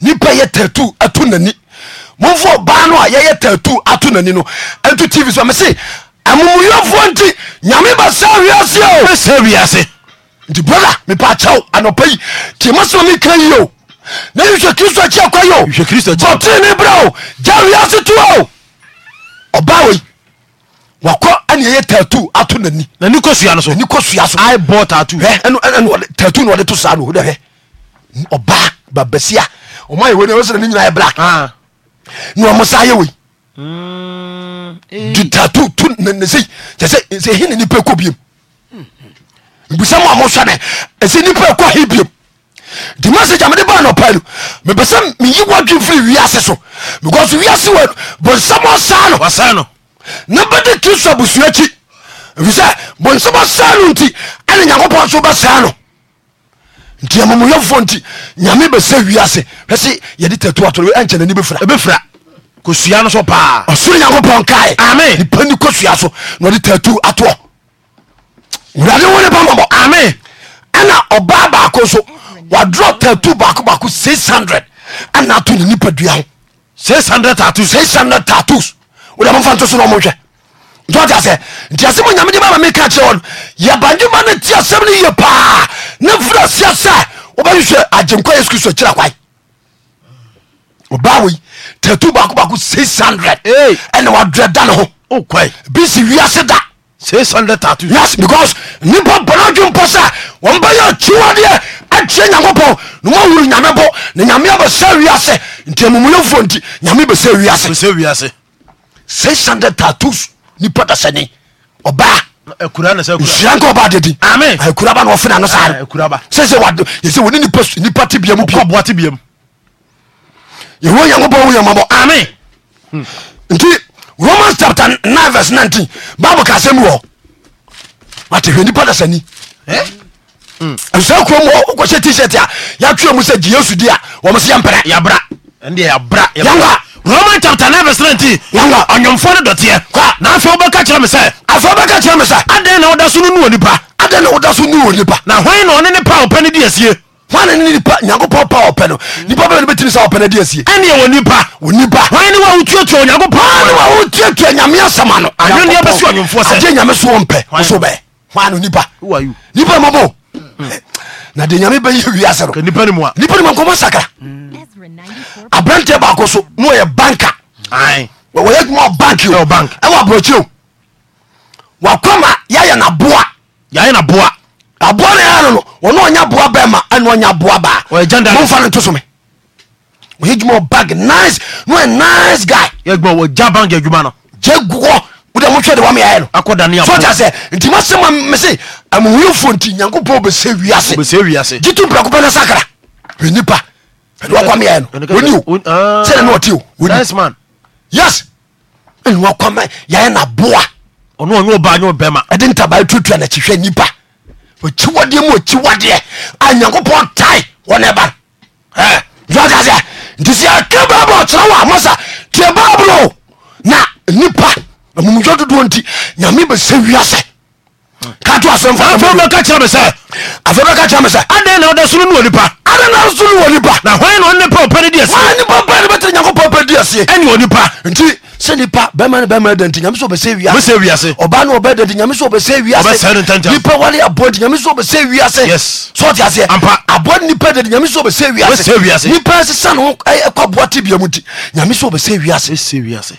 nipa yɛ tatu ato nani momfo baa no a yɛyɛ tatu ato nani no ɛnto tv so mese amomuyɛfoɔ nti nyame bɛsa wiase osɛ wiase nti brother mepa kyɛw anɔpa yi nti masɛma meka yi o na yɛhwɛ kristo akyi akwa yi obɔtee ne berɛ o gya wiase to o ɔba wei wakɔ ɛne ɛyɛ tatu ato nani nani kɔ sua no so nani kɔ sua so ai bɔ tatu ɛn tatu na ɔde to saa no hɛ ɔba babasia ɔma yɛ wei na ɔsɛ ne nyinaa yɛ black ah. na ɔmo sa yɛ wei mm, eh. duta tu tu ne ne se kyɛ sɛ sɛ ehi ne nipa kɔ biem nbusɛm a mo sɔ ne ɛsɛ nipa kɔ hi biem dimasi jamani baa nɔpa yi no mɛpɛsɛ miyi wadwi firi wiase so because wiase wɔ bɔnsɛm ɔsan no ɔsan no na bɛdi kristu abusua akyi efisɛ bɔnsɛm ɔsan nti ɛna nyankopɔn so bɛsan no nti amamuyɛfoɔ nti nyame bɛsɛ wiase hwɛse yɛde tatuato ɛnkyɛ nani bɛfira ɛbɛfira kosua no so paa ɔsoro nyankopɔn kae ame nipa ni kosua so na ɔde tatu atoɔ wurade wo ne bɔmmɔbɔ ame ɛna ɔbaa baako so wadorɔ tatu baako baako 600 ɛna ato ne nipadua ho 600 tatos 600 tatos wode mofa nto so na ɔmohwɛ se ntismyamamka ke ybabanet semnepa nefsyrratat b 600anbpsekiwe yankopwrya00 tas nipa dasani ɔbaa nhyira nka ɔba dadi akura ba na ɔfena no saa sɛsɛ wɔne nipa te biamu biam yɛwɔ nyankopɔn wo yɛmabɔ ame nti romans chapter nine, verse 19 bible ka sɛm wɔ ate hwɛ nipa dasani nsa kurom wokɔhyɛ t-shirt a yɛatwerɛ mu sɛ gye yesu di a wɔm sɛ yɛmpɛrɛ yɛbra yɛnka roman chapter nine verse nineteen wàhùn ọ̀nyọ̀nfọ́ ni dọ̀tíyẹ n'afẹ́ wọ́n bẹ ká kyerẹ́ mi sẹ́ afẹ́ wọ́n bẹ ká mi sẹ́ adé na ọ̀dá sunu nuwọ̀ nípa adé na ọ̀dá sunu nuwọ̀ nípa na hwẹ́n na ọ̀nẹ́ nípa ọ̀pẹ́ ni díẹ̀ sie hwẹ́n ni nípa nyankopɔn pa ọ̀pẹ́ no nípa bẹ́ẹ̀ ni bẹ́ẹ̀ ti ní sá ọ̀pẹ́ ni díẹ̀ sie ẹni yẹ wọ nípa wọ nípa hwẹ́n ni wà ó tuatua nyankopɔn hwẹ́n ni wà ó tuatua nyamia sama no ayé ni ẹ bẹ sọ ọ̀nyọ̀nfọ́ sẹ ajé nyame sọ wọn pẹ ọsọ bẹ hwẹ́n ni nípa nípa mọ bọ na de nyame bɛyɛ wiase no nipa nimu a nipa nimu a nkɔmɔ sakara aberanteɛ baako so ne wɔyɛ banka wɔyɛ adwuma wɔ bank o ɛwɔ aburokyi o wakɔma yɛayɛ naboa yɛayɛ naboa aboa no yɛayɛ no no wɔne ɔnya boa bɛma ɛne ɔnya boa baa momfa no nto so me wɔyɛ adwuma bank nice ne wɔyɛ nice guy yɛ adwuma wɔ gya bank adwuma no wode mohwɛ de wameyɛɛ no sota sɛ nti masɛma mese amuhuyɛfo nti nyankopɔn bɛsɛ wiase gye to prɛko pɛ no sakra nipa ɛde wakwameyɛɛ no ɔnio sɛne ne ɔteo man. yes ɛne wakwama yɛɛ naboa ɛde ntabae tuatua na kyehwɛ nipa ɔkyiwadeɛ mu ɔkyiwadeɛ a nyankopɔn tae wɔne ba sota sɛ nti sɛ yɛka bible ɔkyerɛ wɔ amasa tiɛ bible na nipa amumudwo dodoɔ nti nyame bɛsɛ wiase kato asɛmfbɛka kyerɛ me sɛ afɛ bɛka kyerɛ me sɛ adɛn na ɔda sono ne wɔ nipa adɛn na so ne wɔ nipa na hwan na ɔne pa ɔpɛ ne di asie nipa pa ne bɛtɛ nyankopɔn pɛ di asie ɛne wɔ nipa nti sɛ nipa bɛma ne bɛma da nti nyame sɛ ɔbɛsɛ wiase wiase ɔba ne ɔbɛ da nti nyame sɛ ɔbɛsɛ wiase nipa wale aboa nti nyame sɛ ɔbɛsɛ wiase sɛ ɔte aseɛ ampa aboa ne nipa da nti nyame sɛ ɔbɛsɛ wiase nipa sesa ne ho ɛkɔ aboa te bia mu nti nyame sɛ ɔbɛsɛ wiase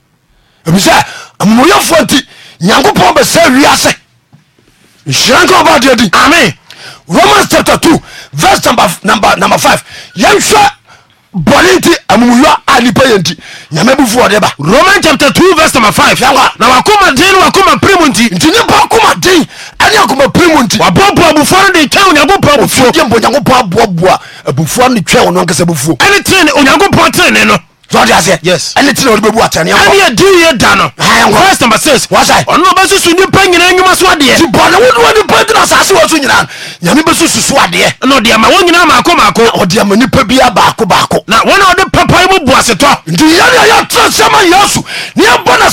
ebisɛ amumuyɛfoɔ nti nyankopɔn bɛsɛ wiase nhyira nka ɔba deɛ din amen romans chapter two verse number number number five yɛnhwɛ bɔne nti amumuyɔ a nipa yɛ nti nyame bu fuwɔ de ba. romans chapter two verse number five. yawa na wakoma den na wakoma pirimu nti. nti nipa akoma den ɛni akoma pirimu nti. wabuabua abufuwa de twɛn onyanko pɔ abufuo. o de mbɔ onyanko pɔ abuabua abufuwa de twɛn onyanko sɛ abufuo. ɛni tiɛn onyanko pɔ tiɛn ne no zɔdi aseɛ yes ɛni tina olu bɛ bu atani ɛkɔ ɛni edi yɛ da no verse number six wasa ɔno na ɔbɛ susu nipa nyinaa ɲuman so adeɛ ti bɔnɛ wo ni wo nipa tina asase wo so nyinaa nyame bɛ susu so adeɛ ɛna ɔdi ama wo nyinaa maako maako ɔdi ama nipa bia baako baako na wɔn a ɔde papa yi mu bu asetɔ nti yanni a yɛtɔ sɛma yasu ni yɛ bɔ na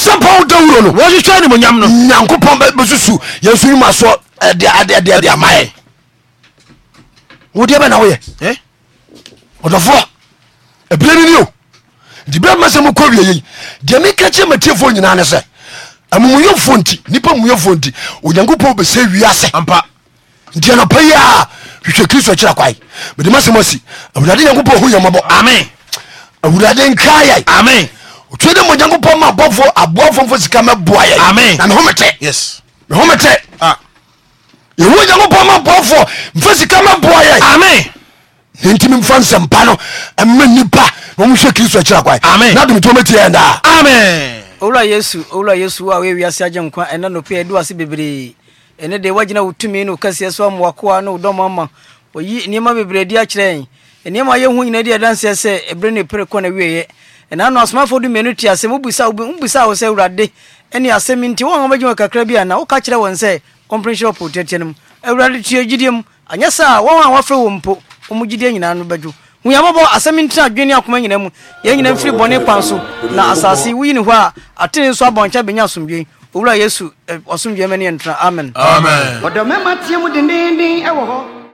dawuro no wɔn hyehyɛ ni mo nyam no nyankopɔn dibira mma sɛ mokɔ wie yei deɛ meka kyerɛ matiefoɔ nyinaa ne sɛ amumuyɛfoɔ nti nipa mumuyɛfoɔ nti onyankopɔn bɛsɛ wiase ampa nti anɔpa yi a hwehwɛ kristo akyira kwae mede masɛm asi awurade nyankopɔn ho yɛmmɔbɔ ame awurade nka yɛ ame otwe dɛ ma onyankopɔn ma abɔfoɔ aboafoɔ mfo sika mɛboa yɛ ame na mehomete mehomete yɛwo onyankopɔn ma abɔfoɔ mfa sika mɛboa yɛ ame ntimi mfa nsɛmpa no ɛma nnipa na ɔmohwɛ kristo akyira kwae na dom toma amen owura yesu owura yesu a woyɛ wiase agye nkwa ɛnɛ nɔpɛ ɛdu ase bebree ɛne deɛ woagyina wo tumi ne wo so amoakoa ne wo dɔm ama ɔyi nneɛma bebree di akyerɛ nneɛma yɛ nyina di adanseɛ sɛ ɛberɛ ne pere kɔ na wieɛ ɛna no du mmienu te asɛm wobusa wo sɛ awurade ɛne asɛm nti wɔn a kakra bi ana woka kyerɛ wɔn sɛ kɔmprenhyɛ ɔpɔtɛtiɛ no mu awurade tuɛ gyidie mu anyɛ sɛ a wɔn a wɔafrɛ wɔ mpo ɔmo gyidie nyinaa no bɛdwo hu yɛmɔbɔ asɛm adwene akoma nyinaa mu yɛn nyinaa mfiri bɔne kwan so na asase woyi ne hɔ a atene nso abɔnkyɛ bɛnya asomdwen owura yesu ɔsomdwen mɛ ne yɛntena amen ɔdɔ mɛma teɛ mu dendenden ɛwɔ hɔ